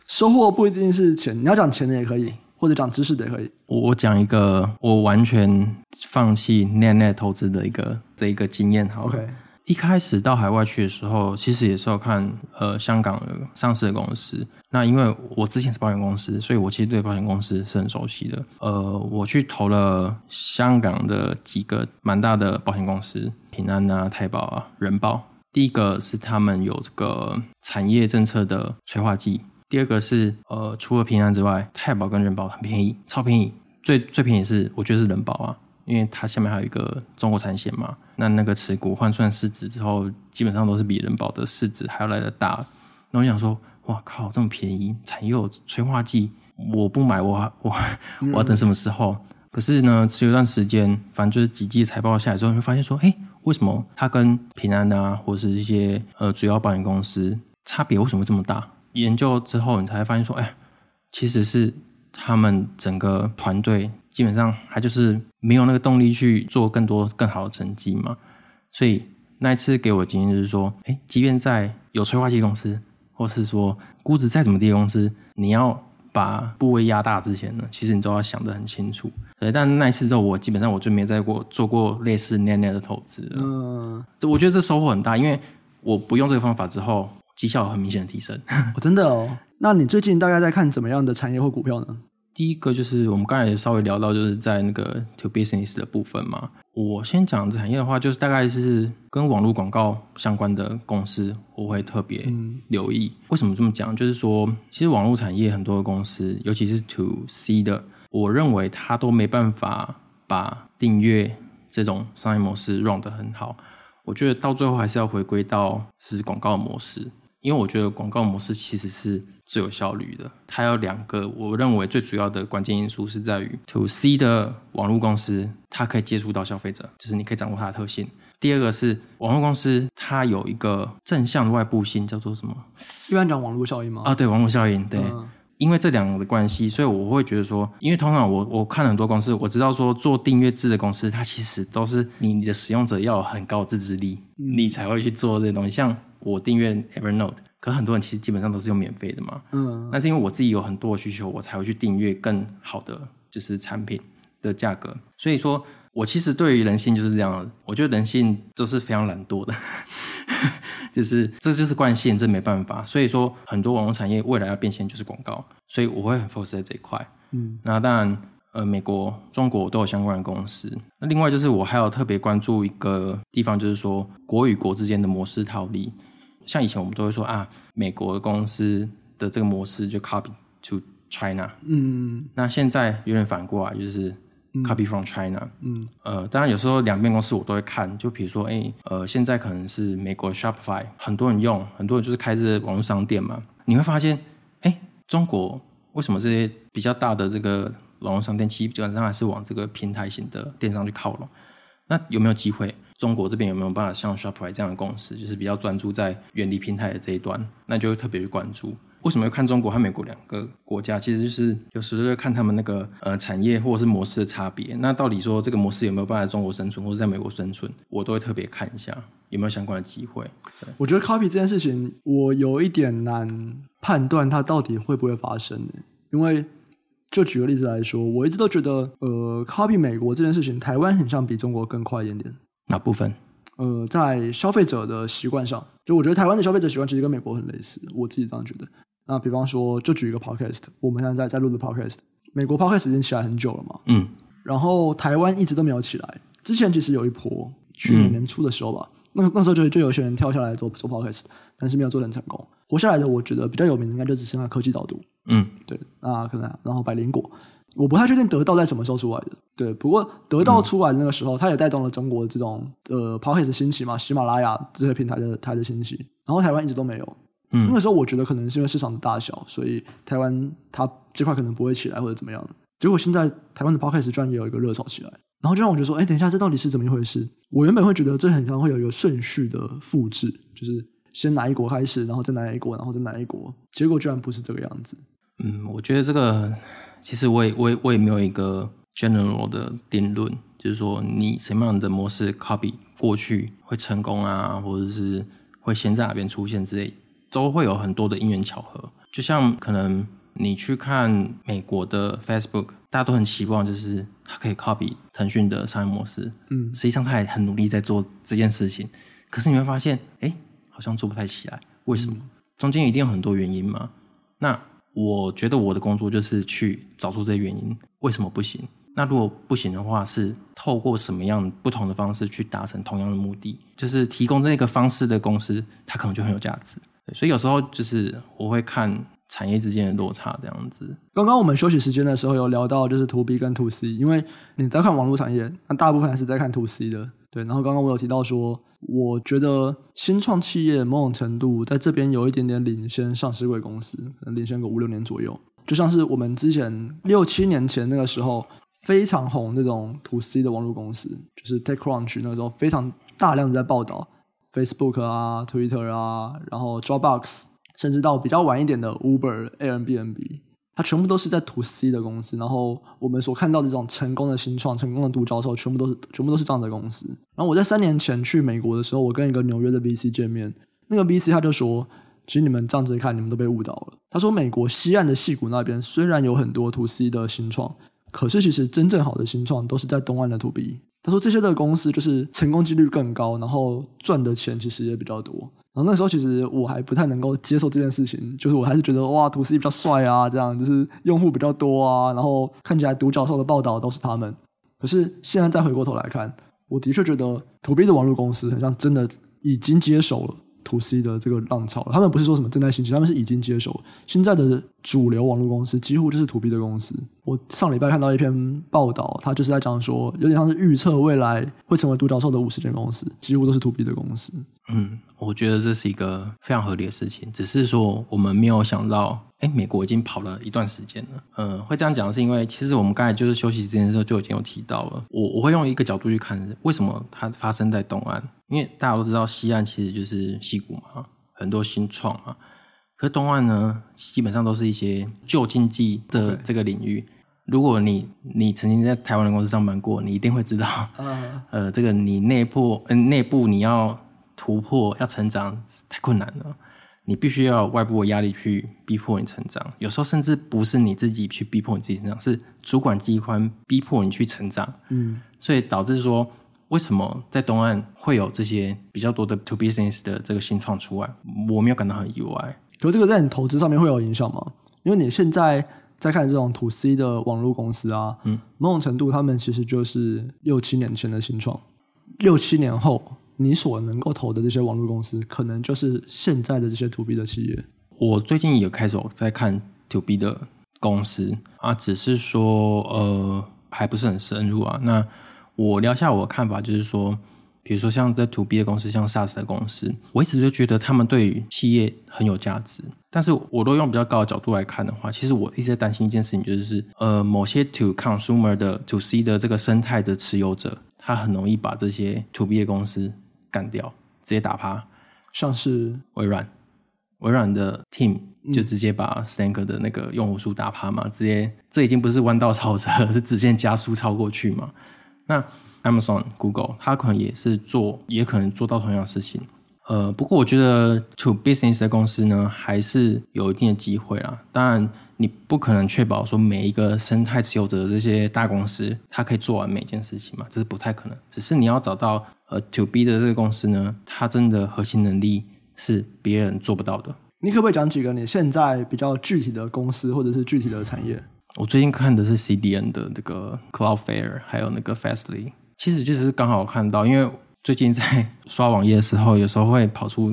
收穫不一定是錢，你要講錢的也可以，或者講知識的也可以。我我講一個，我完全放棄 net net 投資的一個這一個經驗好，OK。一開始到海外去的時候，其實也是要看呃香港上市的公司。那因為我之前是保險公司，所以我其實對保險公司是很熟悉的。呃，我去投了香港的幾個蠻大的保險公司，平安啊、太保啊、人保。第一個是他們有這個產業政策的催化劑；第二個是呃，除了平安之外，太保跟人保很便宜，超便宜。最最便宜的是我覺得是人保啊，因為它下面還有一個中國產險嘛。那那個持股換算市值之後，基本上都是比人保的市值還要來得大。那我想說，哇靠，這麼便宜，產業催化劑，我不買，我我我要等什麼時候？Mm hmm. 可是呢，持有一段時間，反正就是幾季財報下來之後，你會發現說，哎、欸，為什麼它跟平安啊，或者是一些呃主要保險公司差別為什麼這麼大？研究之後，你才發現說，哎、欸，其實是他們整個團隊。基本上，他就是沒有那個動力去做更多更好的成績嘛。所以那一次給我的經驗就是說，哎、欸，即便在有催化劑公司，或是說估值再怎麼低的公司，你要把部位壓大之前呢，其實你都要想得很清楚。對，但那一次之後，我基本上我就沒再過做過類似那樣的投資了。嗯，這我覺得這收穫很大，因為我不用這個方法之後，績效很明顯的提升。哦。我真的哦，那你最近大概在看怎麼樣的產業或股票呢？第一個就是我們剛才也稍微聊到，就是在那個 to business 的部分嘛。我先講產業的話，就是大概是跟網絡廣告相關的公司，我會特別留意。為什麼這麼講？就是說，其實網絡產業很多的公司，尤其是 to C 的，我認為它都沒辦法把訂閱這種商業模式 run 得很好。我覺得到最後還是要回歸到是廣告模式。因為我覺得廣告模式其實是最有效率的。它有兩個，我認為最主要的關鍵因素是在於 To C 的網絡公司，它可以接觸到消費者，就是你可以掌握它的特性。第二個是網絡公司，它有一個正向的外部性，叫做什麼？又按照網絡效應嗎？啊，對，網絡效應。對，嗯、因為這兩個的關係，所以我會覺得說，因為通常我我看很多公司，我知道說做訂閱制的公司，它其實都是你你的使用者要有很高自制力，嗯、你才會去做這些東西，像。我訂閱 Evernote，可很多人其實基本上都是用免費的嘛。嗯啊啊，那是因為我自己有很多的需求，我才會去訂閱更好的就是產品的價格。所以說，我其實對於人性就是這樣，我覺得人性都是非常懶惰的， 就是這就是慣性，這沒辦法。所以說，很多網絡產業未來要變現就是廣告，所以我會很 focus 在這一塊。嗯，那當然，呃，美國、中國都有相關的公司。那另外就是我還有特別關注一個地方，就是說國與國之間的模式套利。像以前我們都會說啊，美國公司的這個模式就 copy to China，嗯，那現在有點反過來就是 copy from China，嗯，嗯呃，當然有時候兩邊公司我都會看，就比如說，哎，呃，現在可能是美國 Shopify，很多人用，很多人就是開這些網絡商店嘛，你會發現，哎，中國為什麼這些比較大的這個網絡商店，其實基本上還是往這個平台型的電商去靠攏，那有沒有機會？中國這邊有沒有辦法像 Shopify 這樣的公司，就是比較專注在遠離平台的這一端，那就會特別去關注。為什麼要看中國和美國兩個國家？其實就是有時候看他們那個呃產業或者是模式的差別。那到底說這個模式有沒有辦法在中國生存，或者在美國生存，我都會特別看一下有沒有相關的機會。我覺得 Copy 這件事情，我有一點難判斷它到底會不會發生，因為就舉個例子來說，我一直都覺得呃 Copy 美國這件事情，台灣很像比中國更快一點點。哪部分？呃，在消費者的習慣上，就我覺得台灣的消費者習慣其實跟美國很類似，我自己這樣覺得。那比方說，就舉一個 podcast，我們現在在,在錄的 podcast，美國 podcast 已經起來很久了嘛，嗯，然後台灣一直都沒有起來。之前其實有一波去年年初的時候吧，嗯、那那時候就就有些人跳下來做做 podcast，但是沒有做得很成功。活下來的，我覺得比較有名的應該就只剩下科技島讀，嗯，對，那可能、啊，然後百靈果。我不太確定得到在什麼時候出來的，對，不過得到出來的那個時候，嗯、它也帶動了中國的這種呃 podcast 興起嘛，喜馬拉雅這些平台的台的興起。然後台灣一直都沒有，嗯、那個時候我覺得可能是因為市場的大小，所以台灣它這塊可能不會起來或者怎麼樣。結果現在台灣的 podcast 居然也有一個熱潮起來，然後就讓我覺得說，哎、欸，等一下，這到底是怎麼一回事？我原本會覺得這很像會有一個順序的複製，就是先哪一國開始，然後再哪一國，然後再哪一國，結果居然不是這個樣子。嗯，我覺得這個。其實我也我也我也沒有一個 general 的定論，就是說你什麼樣的模式 copy 過去會成功啊，或者是會先在哪邊出現之類，都會有很多的因緣巧合。就像可能你去看美國的 Facebook，大家都很希望就是它可以 copy 騰訊的商業模式，嗯，實際上它也很努力在做這件事情，可是你會發現，哎，好像做不太起來，為什麼？嗯、中間一定有很多原因嘛，那。我覺得我的工作就是去找出這些原因，為什麼不行。那如果不行的話，是透過什麼樣不同的方式去達成同樣的目的？就是提供這個方式的公司，它可能就很有價值。所以有時候就是我會看產業之間的落差這樣子。剛剛我們休息時間的時候有聊到，就是 to B 跟 to C，因為你在看網絡產業，那大部分是在看 to C 的。對，然後剛剛我有提到說。我覺得新創企業某種程度在這邊有一點點領先上市櫃公司，能領先個五六年左右。就像是我們之前六七年前那個時候非常紅那種 to C 的網絡公司，就是 TechCrunch 那時候非常大量的在報道 Facebook 啊、Twitter 啊，然後 Dropbox，甚至到比較晚一點的 Uber、Airbnb。他全部都是在 to C 的公司，然後我們所看到的這種成功的新創、成功的獨角獸，全部都是、全部都是這樣的公司。然後我在三年前去美國的時候，我跟一個紐約的 VC 見面，那個 VC 他就說：“其實你們這樣子看，你們都被誤導了。”他說：“美國西岸的矽谷那邊雖然有很多 to C 的新創，可是其實真正好的新創都是在東岸的 to B。”他說：“這些的公司就是成功幾率更高，然後賺的錢其實也比較多。”然後那時候其實我還不太能夠接受這件事情，就是我還是覺得哇，ToC 比較帥啊，這樣就是用戶比較多啊，然後看起來獨角獸的報道都是他們。可是現在再回過頭來看，我的確覺得 ToB 的網絡公司，很像真的已經接手了 ToC 的這個浪潮。他們不是說什麼正在興起，他們是已經接手現在的。主流網絡公司幾乎就是 to B 的公司。我上禮拜看到一篇報道，它就是在講說，有點像是預測未來會成為獨角獸的五十間公司，幾乎都是 to B 的公司。嗯，我覺得這是一個非常合理的事情，只是說我們沒有想到，哎、欸，美國已經跑了一段時間了。嗯，會這樣講的是因為，其實我們剛才就是休息之前的時候就已經有提到了。我我會用一個角度去看，為什麼它發生在東岸？因為大家都知道，西岸其實就是矽谷嘛，很多新創嘛。可是東岸呢，基本上都是一些舊經濟的這個領域。對如果你你曾經在台灣的公司上班過，你一定會知道，哦哦哦呃，這個你內部呃內部你要突破要成長太困難了，你必須要有外部的壓力去逼迫你成長。有時候甚至不是你自己去逼迫你自己成長，是主管機關逼迫你去成長。嗯，所以導致說，為什麼在東岸會有這些比較多的 to business 的這個新創出來，我沒有感到很意外。就這個在你投資上面會有影響嗎？因為你現在在看這種 to C 的網絡公司啊，嗯、某種程度他們其實就是六七年前的新創。六七年後，你所能夠投的這些網絡公司，可能就是現在的這些 to B 的企業。我最近也開始我在看 to B 的公司啊，只是說呃還不是很深入啊。那我聊一下我的看法，就是說。比如說像在 to B 的公司，像 SaaS 的公司，我一直就覺得他們對於企業很有價值。但是我都用比較高的角度來看的話，其實我一直在擔心一件事情，就是呃，某些 to consumer 的 to C 的這個生態的持有者，他很容易把這些 to B 的公司幹掉，直接打趴。像是微軟，微軟的 Team 就直接把 Slack 的那個用戶數打趴嘛，嗯、直接這已經不是彎道超車，是直線加速超過去嘛。那。Amazon、Google，它可能也是做，也可能做到同樣的事情。呃，不過我覺得 To Business 的公司呢，還是有一定的機會啦。當然，你不可能確保說每一個生態持有者的這些大公司，它可以做完每件事情嘛，這是不太可能。只是你要找到呃 To B 的這個公司呢，它真的核心能力是別人做不到的。你可不可以講幾個你現在比較具體的公司，或者是具體的產業？嗯，我最近看的是 CDN 的那個 Cloudflare，還有那個 Fastly。其實就是剛好看到，因為最近在刷網頁的時候，有時候會跑出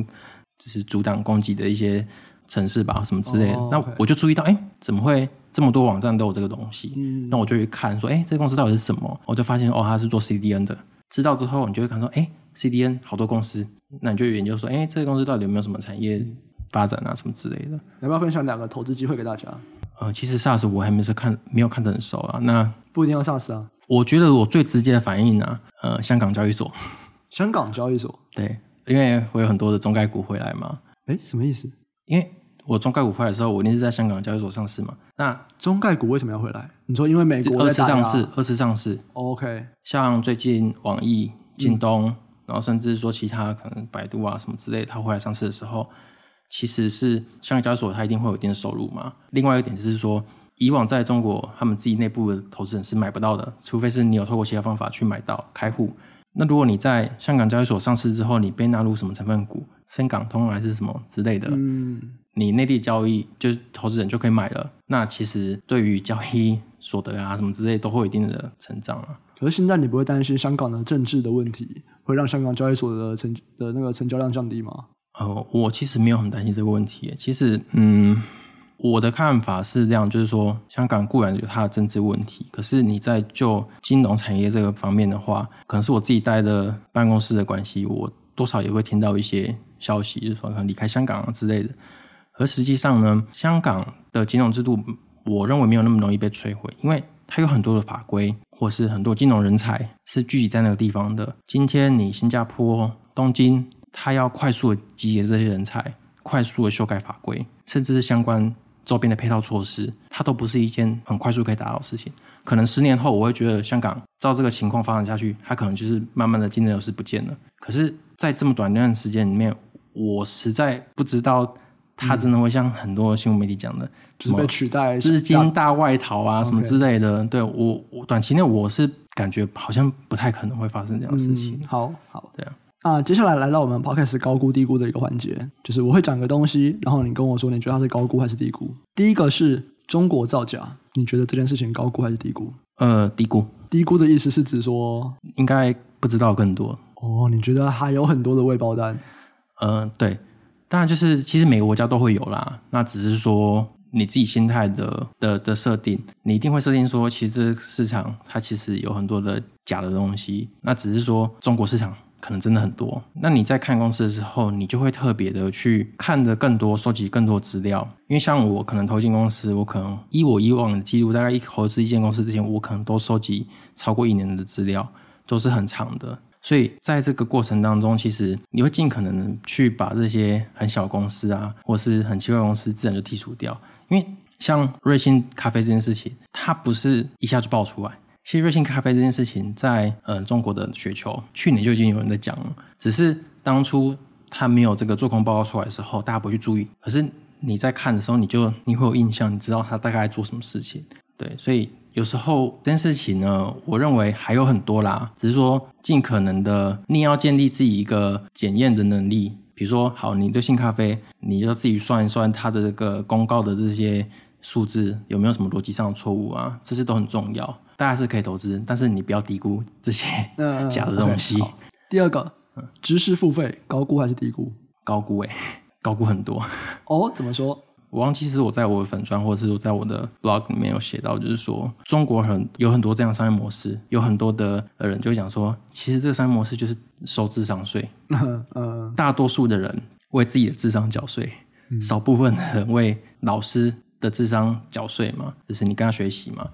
就是阻擋攻擊的一些城市吧，什麼之類的。Oh, okay. 那我就注意到，哎、欸，怎麼會這麼多網站都有這個東西？嗯、那我就去看，說，哎、欸，這個公司到底是什麼？我就發現，哦，他是做 CDN 的。知道之後，你就會看到，哎、欸、，CDN 好多公司，那你就研究說，哎、欸，這個公司到底有沒有什麼產業發展啊，嗯、什麼之類的？你要不要分享兩個投資機會給大家？呃、其實 s a r s 我還沒是看，沒有看得很熟啊。那不一定要 SaaS 啊。我覺得我最直接的反應呢、啊，呃，香港交易所， 香港交易所，對，因為我有很多的中概股回來嘛，哎，什麼意思？因為我中概股回來的時候，我一定是在香港交易所上市嘛。那中概股為什麼要回來？你說，因為美國二次上市，二次上市、oh，OK。像最近網易、京東，嗯、然後甚至說其他可能百度啊什麼之類，它回來上市的時候，其實是香港交易所它一定會有一定的收入嘛。另外一點就是說。以往在中國，他們自己內部的投資人是買不到的，除非是你有透過其他方法去買到開戶。那如果你在香港交易所上市之後，你被納入什麼成分股，深港通還是什麼之類的，嗯，你內地交易就投資人就可以買了。那其實對於交易所得啊什麼之類，都會有一定的成長啊。可是現在你不會擔心香港的政治的問題會讓香港交易所的成的那個成交量降低嗎？哦，我其實沒有很擔心這個問題耶。其實，嗯。我的看法是這樣，就是說，香港固然有它的政治問題，可是你在就金融產業這個方面的話，可能是我自己待的辦公室的關係，我多少也會聽到一些消息，就是說可能離開香港啊之類的。而實際上呢，香港的金融制度，我認為沒有那麼容易被摧毀，因為它有很多的法規，或是很多金融人才是聚集在那個地方的。今天你新加坡、東京，它要快速的集結這些人才，快速的修改法規，甚至是相關。周邊的配套措施，它都不是一件很快速可以達到的事情。可能十年後，我會覺得香港照這個情況發展下去，它可能就是慢慢的競爭優勢不見了。可是，在這麼短一段時間裡面，我實在不知道它真的會像很多新聞媒體講的，被取代，資金大外逃啊什麼之類的。嗯、對我，我短期內我是感覺好像不太可能會發生這樣的事情。好、嗯、好，好對啊。那接下來來到我們 podcast 高估低估的一個環節，就是我會講個東西，然後你跟我說你覺得它是高估還是低估。第一個是中國造假，你覺得這件事情高估還是低估？呃，低估。低估的意思是指說應該不知道更多哦。你覺得還有很多的未爆單？嗯、呃，對。當然就是其實每個國家都會有啦，那只是說你自己心態的的的設定，你一定會設定說其實這個市場它其實有很多的假的東西，那只是說中國市場。可能真的很多。那你在看公司的時候，你就會特別的去看得更多，收集更多資料。因為像我可能投進公司，我可能依我以往的記錄，大概一投資一間公司之前，我可能都收集超過一年的資料，都是很長的。所以在這個過程當中，其實你會盡可能的去把這些很小公司啊，或是很奇怪公司，自然就剔除掉。因為像瑞幸咖啡這件事情，它不是一下就爆出來。其實瑞幸咖啡這件事情在，在嗯中國的雪球去年就已經有人在講了，只是當初他沒有這個做空報告出來的時候，大家不去注意。可是你在看的時候，你就你會有印象，你知道他大概做什麼事情。對，所以有時候這件事情呢，我認為還有很多啦，只是說盡可能的，你要建立自己一個檢驗的能力。比如說，好，你瑞幸咖啡，你就要自己算一算它的這個公告的這些數字有沒有什麼邏輯上的錯誤啊，這些都很重要。大家是可以投資，但是你不要低估這些、嗯、假的東西。嗯、第二個，知識、嗯、付費高估還是低估？高估哎、欸，高估很多。哦，怎麼說？我忘記，其實我在我的粉專，或者是說在我的 blog 裡面有寫到，就是說中國很有很多這樣的商業模式，有很多的人就講說，其實這個商業模式就是收智商稅。嗯，嗯，大多數的人為自己的智商繳稅，嗯、少部分的人為老師的智商繳稅嘛，就是你跟他學習嘛。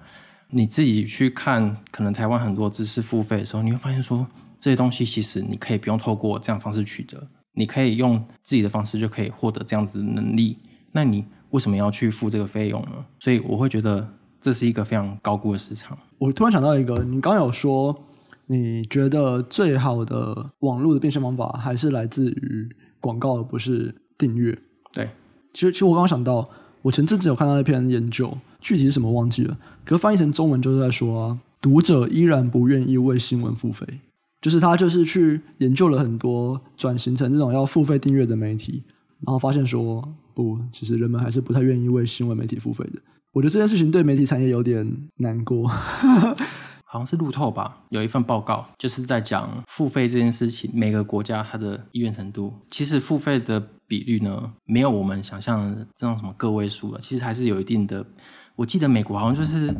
你自己去看，可能台灣很多知識付費的時候，你會發現說，這些東西其實你可以不用透過這樣的方式取得，你可以用自己的方式就可以獲得這樣子的能力。那你為什麼要去付這個費用呢？所以我會覺得這是一個非常高估的市場。我突然想到一個，你剛有說你覺得最好的網絡的變現方法還是來自於廣告，而不是訂閱。對，其實其實我剛剛想到。我前陣子有看到一篇研究，具體是什麼忘記了，可是翻譯成中文就是在說啊，讀者依然不願意為新聞付費，就是他就是去研究了很多轉型成這種要付費訂閱的媒體，然後發現說不、哦，其實人們還是不太願意為新聞媒體付費的。我覺得這件事情對媒體產業有點難過， 好像是路透吧，有一份報告就是在講付費這件事情，每個國家它的意願程度，其實付費的。比率呢，沒有我們想象的這種什麼個位數了啊，其實還是有一定的。我記得美國好像就是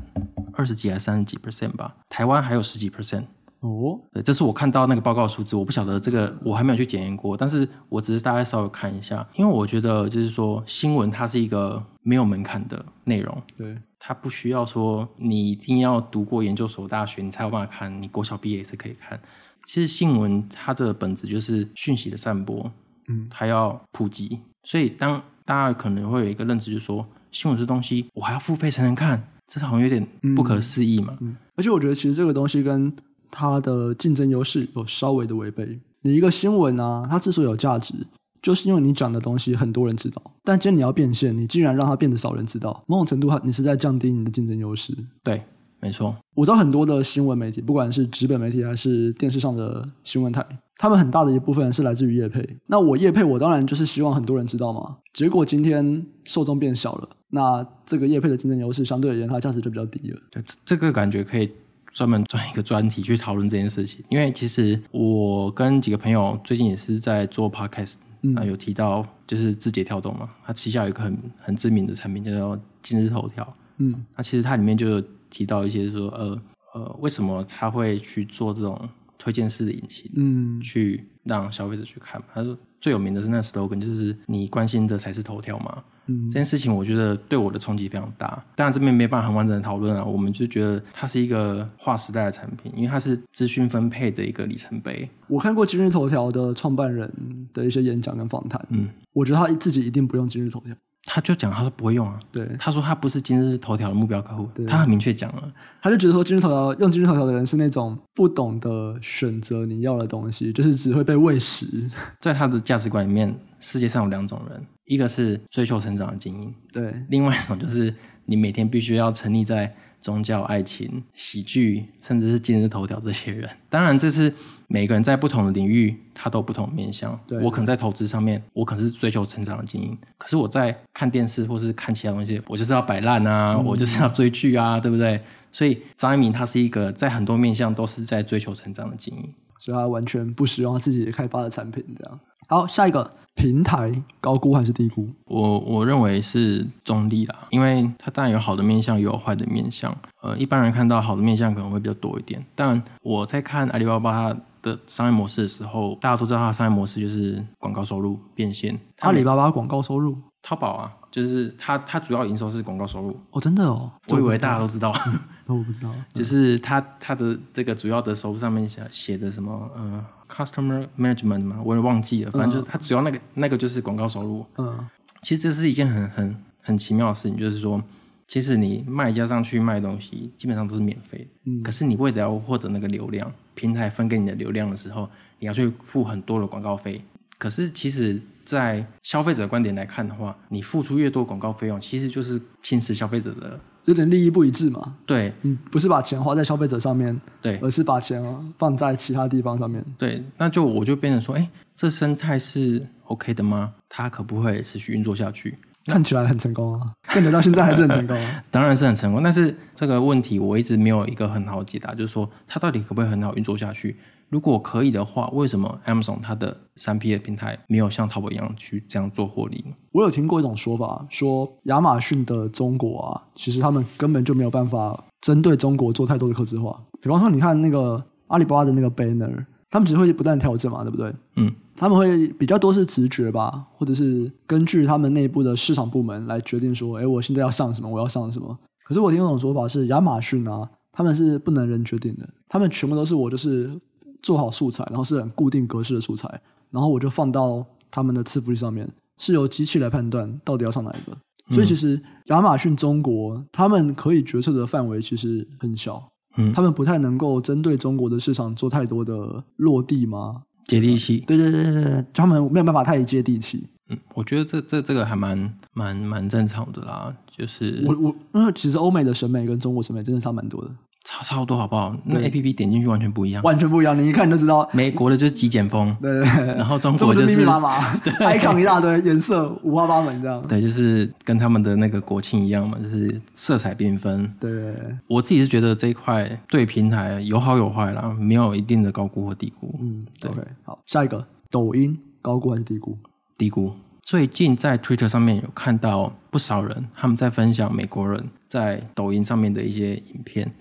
二十幾還是三十幾 percent 吧，台灣還有十幾 percent 哦。對，這是我看到那個報告數字，我不曉得這個，我還沒有去檢驗過。但是我只是大概稍微看一下，因為我覺得就是說新聞它是一個沒有門檻的內容，對，它不需要說你一定要讀過研究所、大學，你才有辦法看，你國小畢業也是可以看。其實新聞它的本質就是訊息的散播。嗯，還要普及，所以當大家可能會有一個認知，就是說新聞這東西我還要付費才能看，這好像有點不可思議嘛，嗯。嗯，而且我覺得其實這個東西跟它的競爭優勢有稍微的違背。你一個新聞啊，它之所以有價值，就是因為你講的東西很多人知道。但今天你要變現，你竟然讓它變得少人知道，某種程度上你是在降低你的競爭優勢。對。沒錯，我知道很多的新聞媒體，不管是紙本媒體還是電視上的新聞台，他們很大的一部分是來自於業配。那我業配，我當然就是希望很多人知道嘛。結果今天受眾變小了，那這個業配的競爭優勢相對而言，它價值就比較低了。就這，這個感覺可以專門做一個專題去討論這件事情。因為其實我跟幾個朋友最近也是在做 podcast，、嗯、啊，有提到就是字節跳動嘛，它旗下有一個很很知名的產品叫做今日頭條。嗯、啊，那其實它裡面就有提到一些說，呃呃，為什麼他會去做這種推薦式的引擎？嗯，去讓消費者去看。他說最有名的是那 slogan，就是“你關心的才是頭條”嘛。嗯，這件事情我覺得對我的衝擊非常大。但這邊沒辦法很完整的討論啊，我們就覺得它是一個劃時代的產品，因為它是資訊分配的一個里程碑。我看過今日頭條的創辦人的一些演講跟訪談，嗯，我覺得他自己一定不用今日頭條。他就講，他說不會用啊。對，他說他不是今日頭條的目標客戶，對他很明確講了。他就覺得說今日頭條用今日頭條的人是那種不懂得選擇你要的東西，就是只會被餵食。在他的價值觀裡面，世界上有兩種人，一個是追求成長的精英，對；另外一種就是你每天必須要沉溺在宗教、愛情、喜劇，甚至是今日頭條這些人。當然這是。每個人在不同的領域，他都不同的面向。對，我可能在投資上面，我可能是追求成長的精英。可是我在看電視或是看其他東西，我就是要擺爛啊，嗯、我就是要追劇啊，對不對？所以張一鳴他是一個在很多面向都是在追求成長的精英，所以他完全不使用自己開發的產品。這樣好，下一個平台高估還是低估？我我認為是中立啦，因為它當然有好的面向，也有，有壞的面向。呃，一般人看到好的面向可能會比較多一點，但我在看阿里巴巴的商業模式的時候，大家都知道它的商業模式就是廣告收入變現。阿里巴巴廣告收入，淘寶啊，就是它它主要營收是廣告收入。哦，真的哦，我以為大家都知道，那我、嗯、不知道。只 是它它的這個主要的收入上面寫寫的什麼，呃，Customer Management 嘛，我也忘記了。反正就是它主要那個那個就是廣告收入。嗯，其實這是一件很很很奇妙的事情，就是說，其實你賣家上去賣東西，基本上都是免費，嗯，可是你為了要獲得那個流量。平台分給你的流量的時候，你要去付很多的廣告費。可是其實，在消費者觀點來看的話，你付出越多廣告費用，其實就是侵蝕消費者的，有點利益不一致嘛。對，嗯，不是把錢花在消費者上面，對，而是把錢啊，放在其他地方上面。對，那就我就變成說，哎，這生態是 OK 的嗎？它可不會持續運作下去。看起來很成功啊，跟得到現在還是很成功啊。 當然是很成功，但是這個問題我一直沒有一個很好的解答，就是說它到底可不可以很好運作下去？如果可以的話，為什麼 Amazon 它的三 P 的平台沒有像淘寶一樣去這樣做獲利？我有聽過一種說法，說亞馬遜的中國啊，其實他們根本就沒有辦法針對中國做太多的客製化。比方說，你看那個阿里巴巴的那個 Banner，他們只會不斷調整嘛，對不對？嗯。他們會比較多是直覺吧，或者是根據他們內部的市場部門來決定說，誒、欸，我現在要上什麼，我要上什麼。可是我聽那種說法是，亞馬遜啊，他們是不能人決定的，他們全部都是我就是做好素材，然後是很固定格式的素材，然後我就放到他們的伺服器上面，是由機器來判斷到底要上哪一個。嗯、所以其實亞馬遜中國他們可以決策的範圍其實很小，嗯，他們不太能夠針對中國的市場做太多的落地嗎？接地氣、嗯，對對對對，對，他們沒有辦法太接地氣。嗯，我覺得這這這個還蠻蠻蠻正常的啦，就是我我，因為、呃、其實歐美的審美跟中國審美真的差蠻多的。差超，超多好不好？那 A P P 點進去完全不一樣，對完全不一樣，你一看就知道。 美國的就是極簡風，對，對，對，然後中國就是，是密密麻麻，icon< 對>對一大堆顏色，五花八門這樣。對，就是跟他們的那個國慶一樣嘛，就是色彩繽紛。對，對，我自己是覺得這一塊對平台有好有壞啦，沒有一定的高估或低估。嗯，對。Okay, 好，下一個抖音高估還是低估？低估。最近在 Twitter 上面有看到不少人他們在分享美國人在抖音上面的一些影片。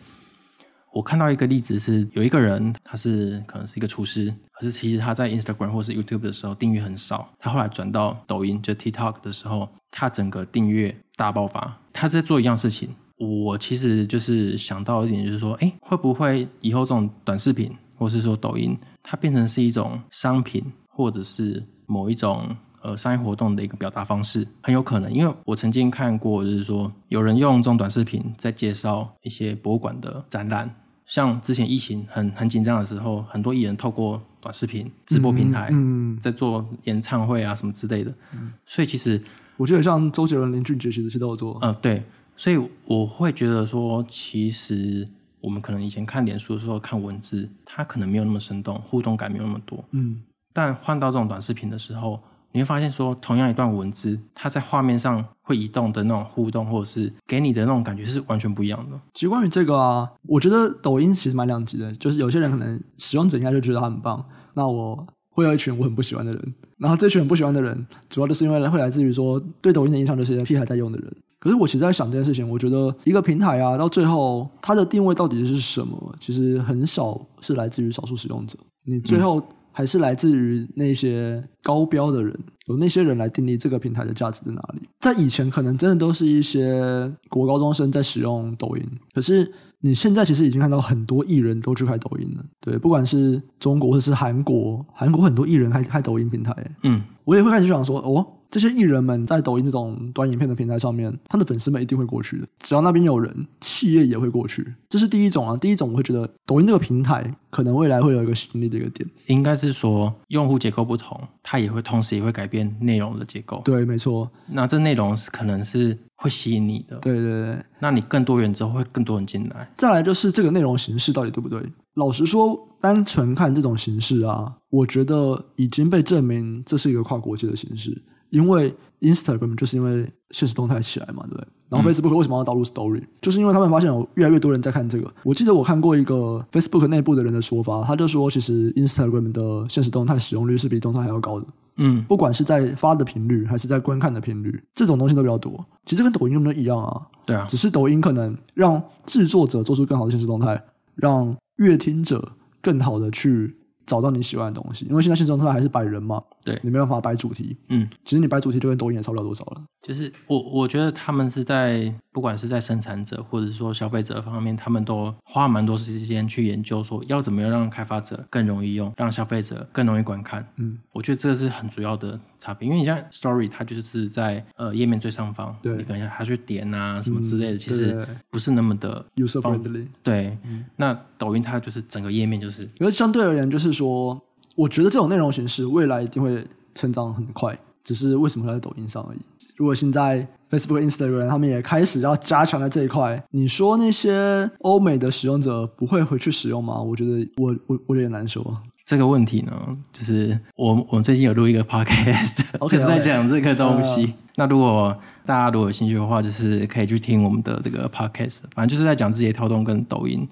我看到一個例子是，有一個人他是可能是一個廚師，可是其實他在 Instagram 或是 YouTube 的時候訂閱很少，他後來轉到抖音就 TikTok 的時候，他整個訂閱大爆發。他在做一樣事情，我其實就是想到一點，就是說，哎，會不會以後這種短視頻或是說抖音，它變成是一種商品，或者是某一種呃商業活動的一個表達方式，很有可能。因為我曾經看過，就是說有人用這種短視頻在介紹一些博物館的展覽。像之前疫情很很緊張的時候，很多藝人透過短視頻、直播平台，嗯嗯，在做演唱會啊什麼之類的，嗯，所以其實我覺得像周杰倫、林俊傑其實是都有做。嗯，對，所以我會覺得說，其實我們可能以前看臉書的時候看文字，它可能沒有那麼生動，互動感沒有那麼多。嗯，但換到這種短視頻的時候，你會發現說同樣一段文字，它在畫面上會移動的那種互動，或者是給你的那種感覺，是完全不一樣的。其實關於這個啊，我覺得抖音其實蠻兩極的，就是有些人可能使用者應該就覺得它很棒，那我會有一群我很不喜歡的人，然後這群很不喜歡的人，主要就是因為會來自於說對抖音的印象就是屁孩在用的人。可是我其實在想這件事情，我覺得一個平台啊，到最後它的定位到底是什麼，其實很少是來自於少數使用者，你最後、嗯。還是來自於那些高標的人，有那些人來定義這個平台的價值在哪裡？在以前可能真的都是一些國高中生在使用抖音，可是你現在其實已經看到很多藝人都去開抖音了。對，不管是中國或是韓國，韓國很多藝人還開抖音平台、欸。嗯，我也會開始想說，我、哦。這些藝人們在抖音這種短影片的平台上面，他的粉絲們一定會過去的。只要那邊有人，企業也會過去。這是第一種啊。第一種我會覺得，抖音這個平台可能未來會有一個吸引力的一個點，應該是說用戶結構不同，它也會同時也會改變內容的結構。對，沒錯。那這內容是可能是會吸引你的。對對對。那你更多元之後，會更多人進來。再來就是這個內容形式到底對不對？老實說，單純看這種形式啊，我覺得已經被證明這是一個跨國界的形式。因為 Instagram 就是因為現實動態起來嘛，對不對？然後 Facebook 為什麼要導入 Story？嗯、就是因為他們發現有越來越多人在看這個。我記得我看過一個 Facebook 內部的人的說法，他就說，其實 Instagram 的現實動態使用率是比動態還要高的。嗯，不管是在發的頻率還是在觀看的頻率，這種東西都比較多。其實跟抖音有沒有一樣啊？對啊，只是抖音可能讓制作者做出更好的現實動態，讓閱聽者更好的去。找到你喜歡的東西，因為現在現實中它還是擺人嘛，對，你沒辦法擺主題，嗯，其實你擺主題就跟抖音也差不了多，多少了。就是我我覺得他們是在不管是在生產者或者說消費者方面，他們都花蠻多時間去研究，說要怎麼樣讓開發者更容易用，讓消費者更容易觀看。嗯，我覺得這個是很主要的差別，因為你像 Story，它就是在呃頁面最上方，對你看一下他去點啊什麼之類的，嗯、其實不是那麼的方便。User friendly 對，嗯、那。抖音它就是整個頁面就是，可是相對而言，就是說，我覺得這種內容形式未來一定會成長很快，只是為什麼會在抖音上而已。如果現在 Facebook、Instagram 他們也開始要加強在這一塊，你說那些歐美的使用者不會回去使用嗎？我覺得我我我覺得也難說這個問題呢，就是我我最近有錄一個 podcast，Okay, 就是在講這個東西。Okay, okay. 那如果大家如果有興趣的話，就是可以去聽我們的這個 podcast，反正就是在講《字節跳動》跟抖音。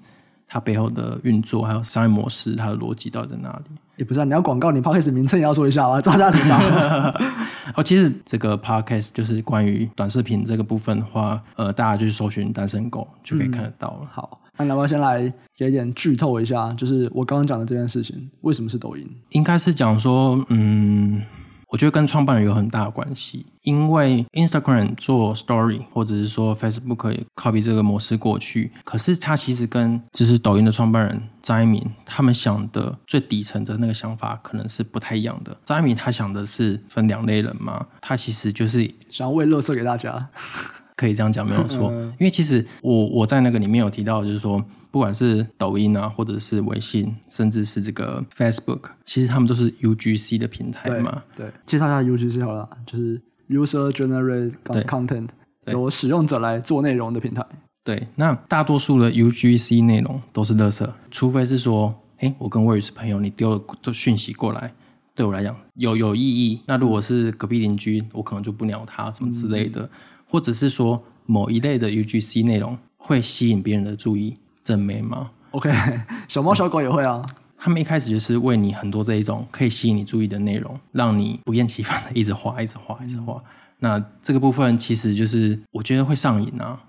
它背後的運作還有商業模式，它的邏輯到底在哪裡？也、欸、不是、啊、你要廣告，你 podcast 名稱也要說一下啊，大家怎麼知道？ 哦，其實這個 podcast 就是關於短視頻這個部分的話，呃，大家就是搜尋“單身狗”就可以看得到了。嗯、好，那我們先來給一點劇透一下，就是我剛剛講的這件事情，為什麼是抖音？應該是講說，嗯。我覺得跟創辦人有很大的關係，因為 Instagram 做 Story 或者是說 Facebook 也 copy 這個模式過去，可是他其實跟就是抖音的創辦人張一鳴他們想的最底層的那個想法可能是不太一樣的。張一鳴他想的是分兩類人嘛，他其實就是想要餵垃圾給大家，可以這樣講沒有錯。因為其實我我在那個裡面有提到，就是說。不管是抖音啊，或者是微信，甚至是這個 Facebook，其實他們都是 U G C 的平台嘛。對，對，介紹一下 U G C 好了啦，就是 User Generated Content，由使用者來做內容的平台。對，那大多數的 U G C 內容都是垃圾，除非是說，誒，我跟 Wayne 是朋友，你丟了都訊息過來，對我來講有有意義。那如果是隔壁鄰居，我可能就不鳥他什麼之類的，嗯、或者是說某一類的 U G C 內容會吸引別人的注意。正妹嗎，OK，小貓小狗也會啊、嗯。他們一開始就是為你很多這一種可以吸引你注意的內容，讓你不厭其煩的一直滑，一直滑，一直滑。直嗯、那這個部分其實就是我覺得會上癮啊。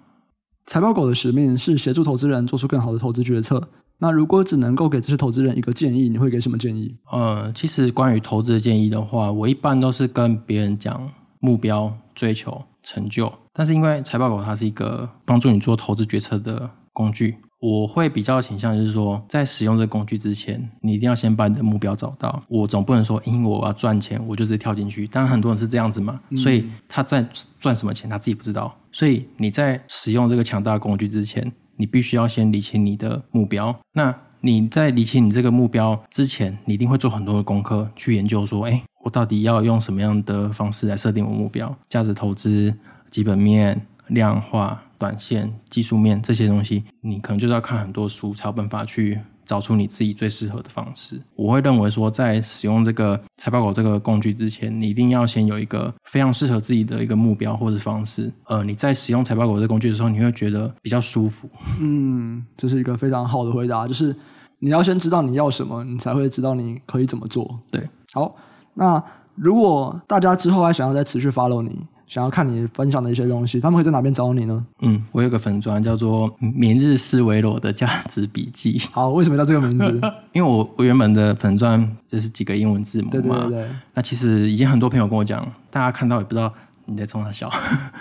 財報狗的使命是協助投資人做出更好的投資決策。那如果只能夠給這些投資人一個建議，你會給什麼建議？呃、嗯，其實關於投資的建議的話，我一般都是跟別人講目標、追求、成就。但是因為財報狗它是一個幫助你做投資決策的工具。我會比較傾向就是說，在使用這個工具之前，你一定要先把你的目標找到。我總不能說因，因為我要賺錢，我就直接跳進去。當然，很多人是這樣子嘛，嗯。所以他在賺什麼錢，他自己不知道。所以你在使用這個強大的工具之前，你必須要先理清你的目標。那你在理清你這個目標之前，你一定會做很多的功課去研究，說，哎，我到底要用什麼樣的方式來設定我目標？價值投資、基本面、量化，短線技術面這些東西，你可能就是要看很多書才有辦法去找出你自己最適合的方式。我會認為說，在使用這個財報狗這個工具之前，你一定要先有一個非常適合自己的一個目標或者方式。呃，你在使用財報狗這工具的時候，你會覺得比較舒服。嗯，這是一個非常好的回答，就是你要先知道你要什麼，你才會知道你可以怎麼做。對，好，那如果大家之後還想要再持續 follow 你。想要看你分享的一些東西，他們會在哪邊找你呢？嗯，我有個粉專叫做“明日思維羅”的價值筆記。好，為什麼叫這個名字？ 因為我我原本的粉專就是幾個英文字母嘛。對對對對，那其實已經很多朋友跟我講，大家看到也不知道你在衝他笑。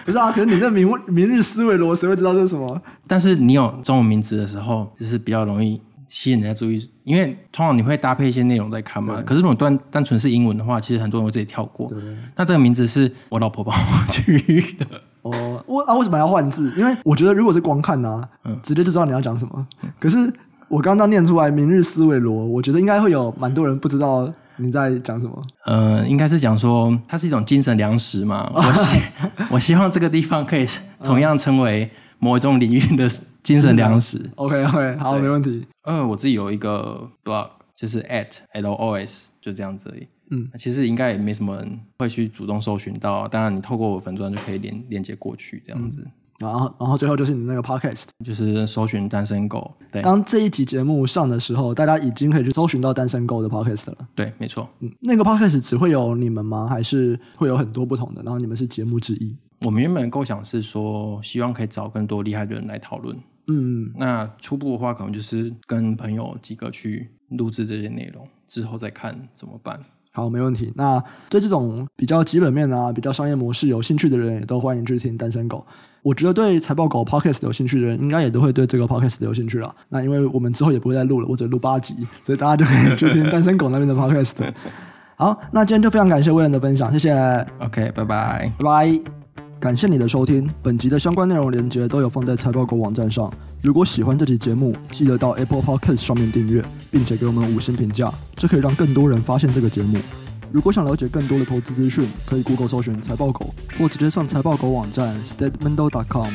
不是啊，可是你這明，明日思維羅誰會知道這是什麼？但是你有中文名字的時候，就是比較容易。吸引人家注意，因為通常你會搭配一些內容在看嘛。對可是如果單單純是英文的話，其實很多人會自己跳過。對那這個名字是我老婆幫我取的。哦，我啊，為什麼要換字？因為我覺得如果是光看、啊、嗯，直接就知道你要講什麼。嗯、可是我剛剛念出來“明日思維羅”，我覺得應該會有蠻多人不知道你在講什麼。嗯、呃，應該是講說它是一種精神糧食嘛。 我希我希望這個地方可以同樣成為某一種領域的、嗯。精神糧食，OK OK，好，對沒問題。呃，我自己有一個 blog，就是 at l o s，就這樣子而已。嗯，其實應該也沒什麼人會去主動搜尋到，當然你透過我粉專就可以連連接過去這樣子、嗯。然後，然後最後就是你那個 podcast，就是搜尋單身狗。對，當這一集節目上的時候，大家已經可以去搜尋到單身狗的 podcast 了。對，沒錯。嗯，那個 podcast 只會有你們嗎？還是會有很多不同的？然後你們是節目之一。我們原本構想是說，希望可以找更多厲害的人來討論。嗯，那初步的話，可能就是跟朋友幾個去錄製這些內容，之後再看怎麼辦。好，沒問題。那對這種比較基本面啊、比較商業模式有興趣的人，也都歡迎去聽單身狗。我覺得對財報狗 podcast 有興趣的人，應該也都會對這個 podcast 有興趣了。那因為我們之後也不會再錄了，我只錄八集，所以大家就可以去聽單身狗那邊的 podcast。 好，那今天就非常感謝 Wayne 的分享，謝謝。OK，拜拜，拜拜。感謝你的收聽，本集的相關內容連接都有放在財報狗網站上。如果喜歡這期節目，記得到 Apple Podcast 上面訂閱，並且給我們五星評價，這可以讓更多人發現這個節目。如果想了解更多的投資資訊，可以 Google 搜尋財報狗，或直接上財報狗網站 statementdog.com。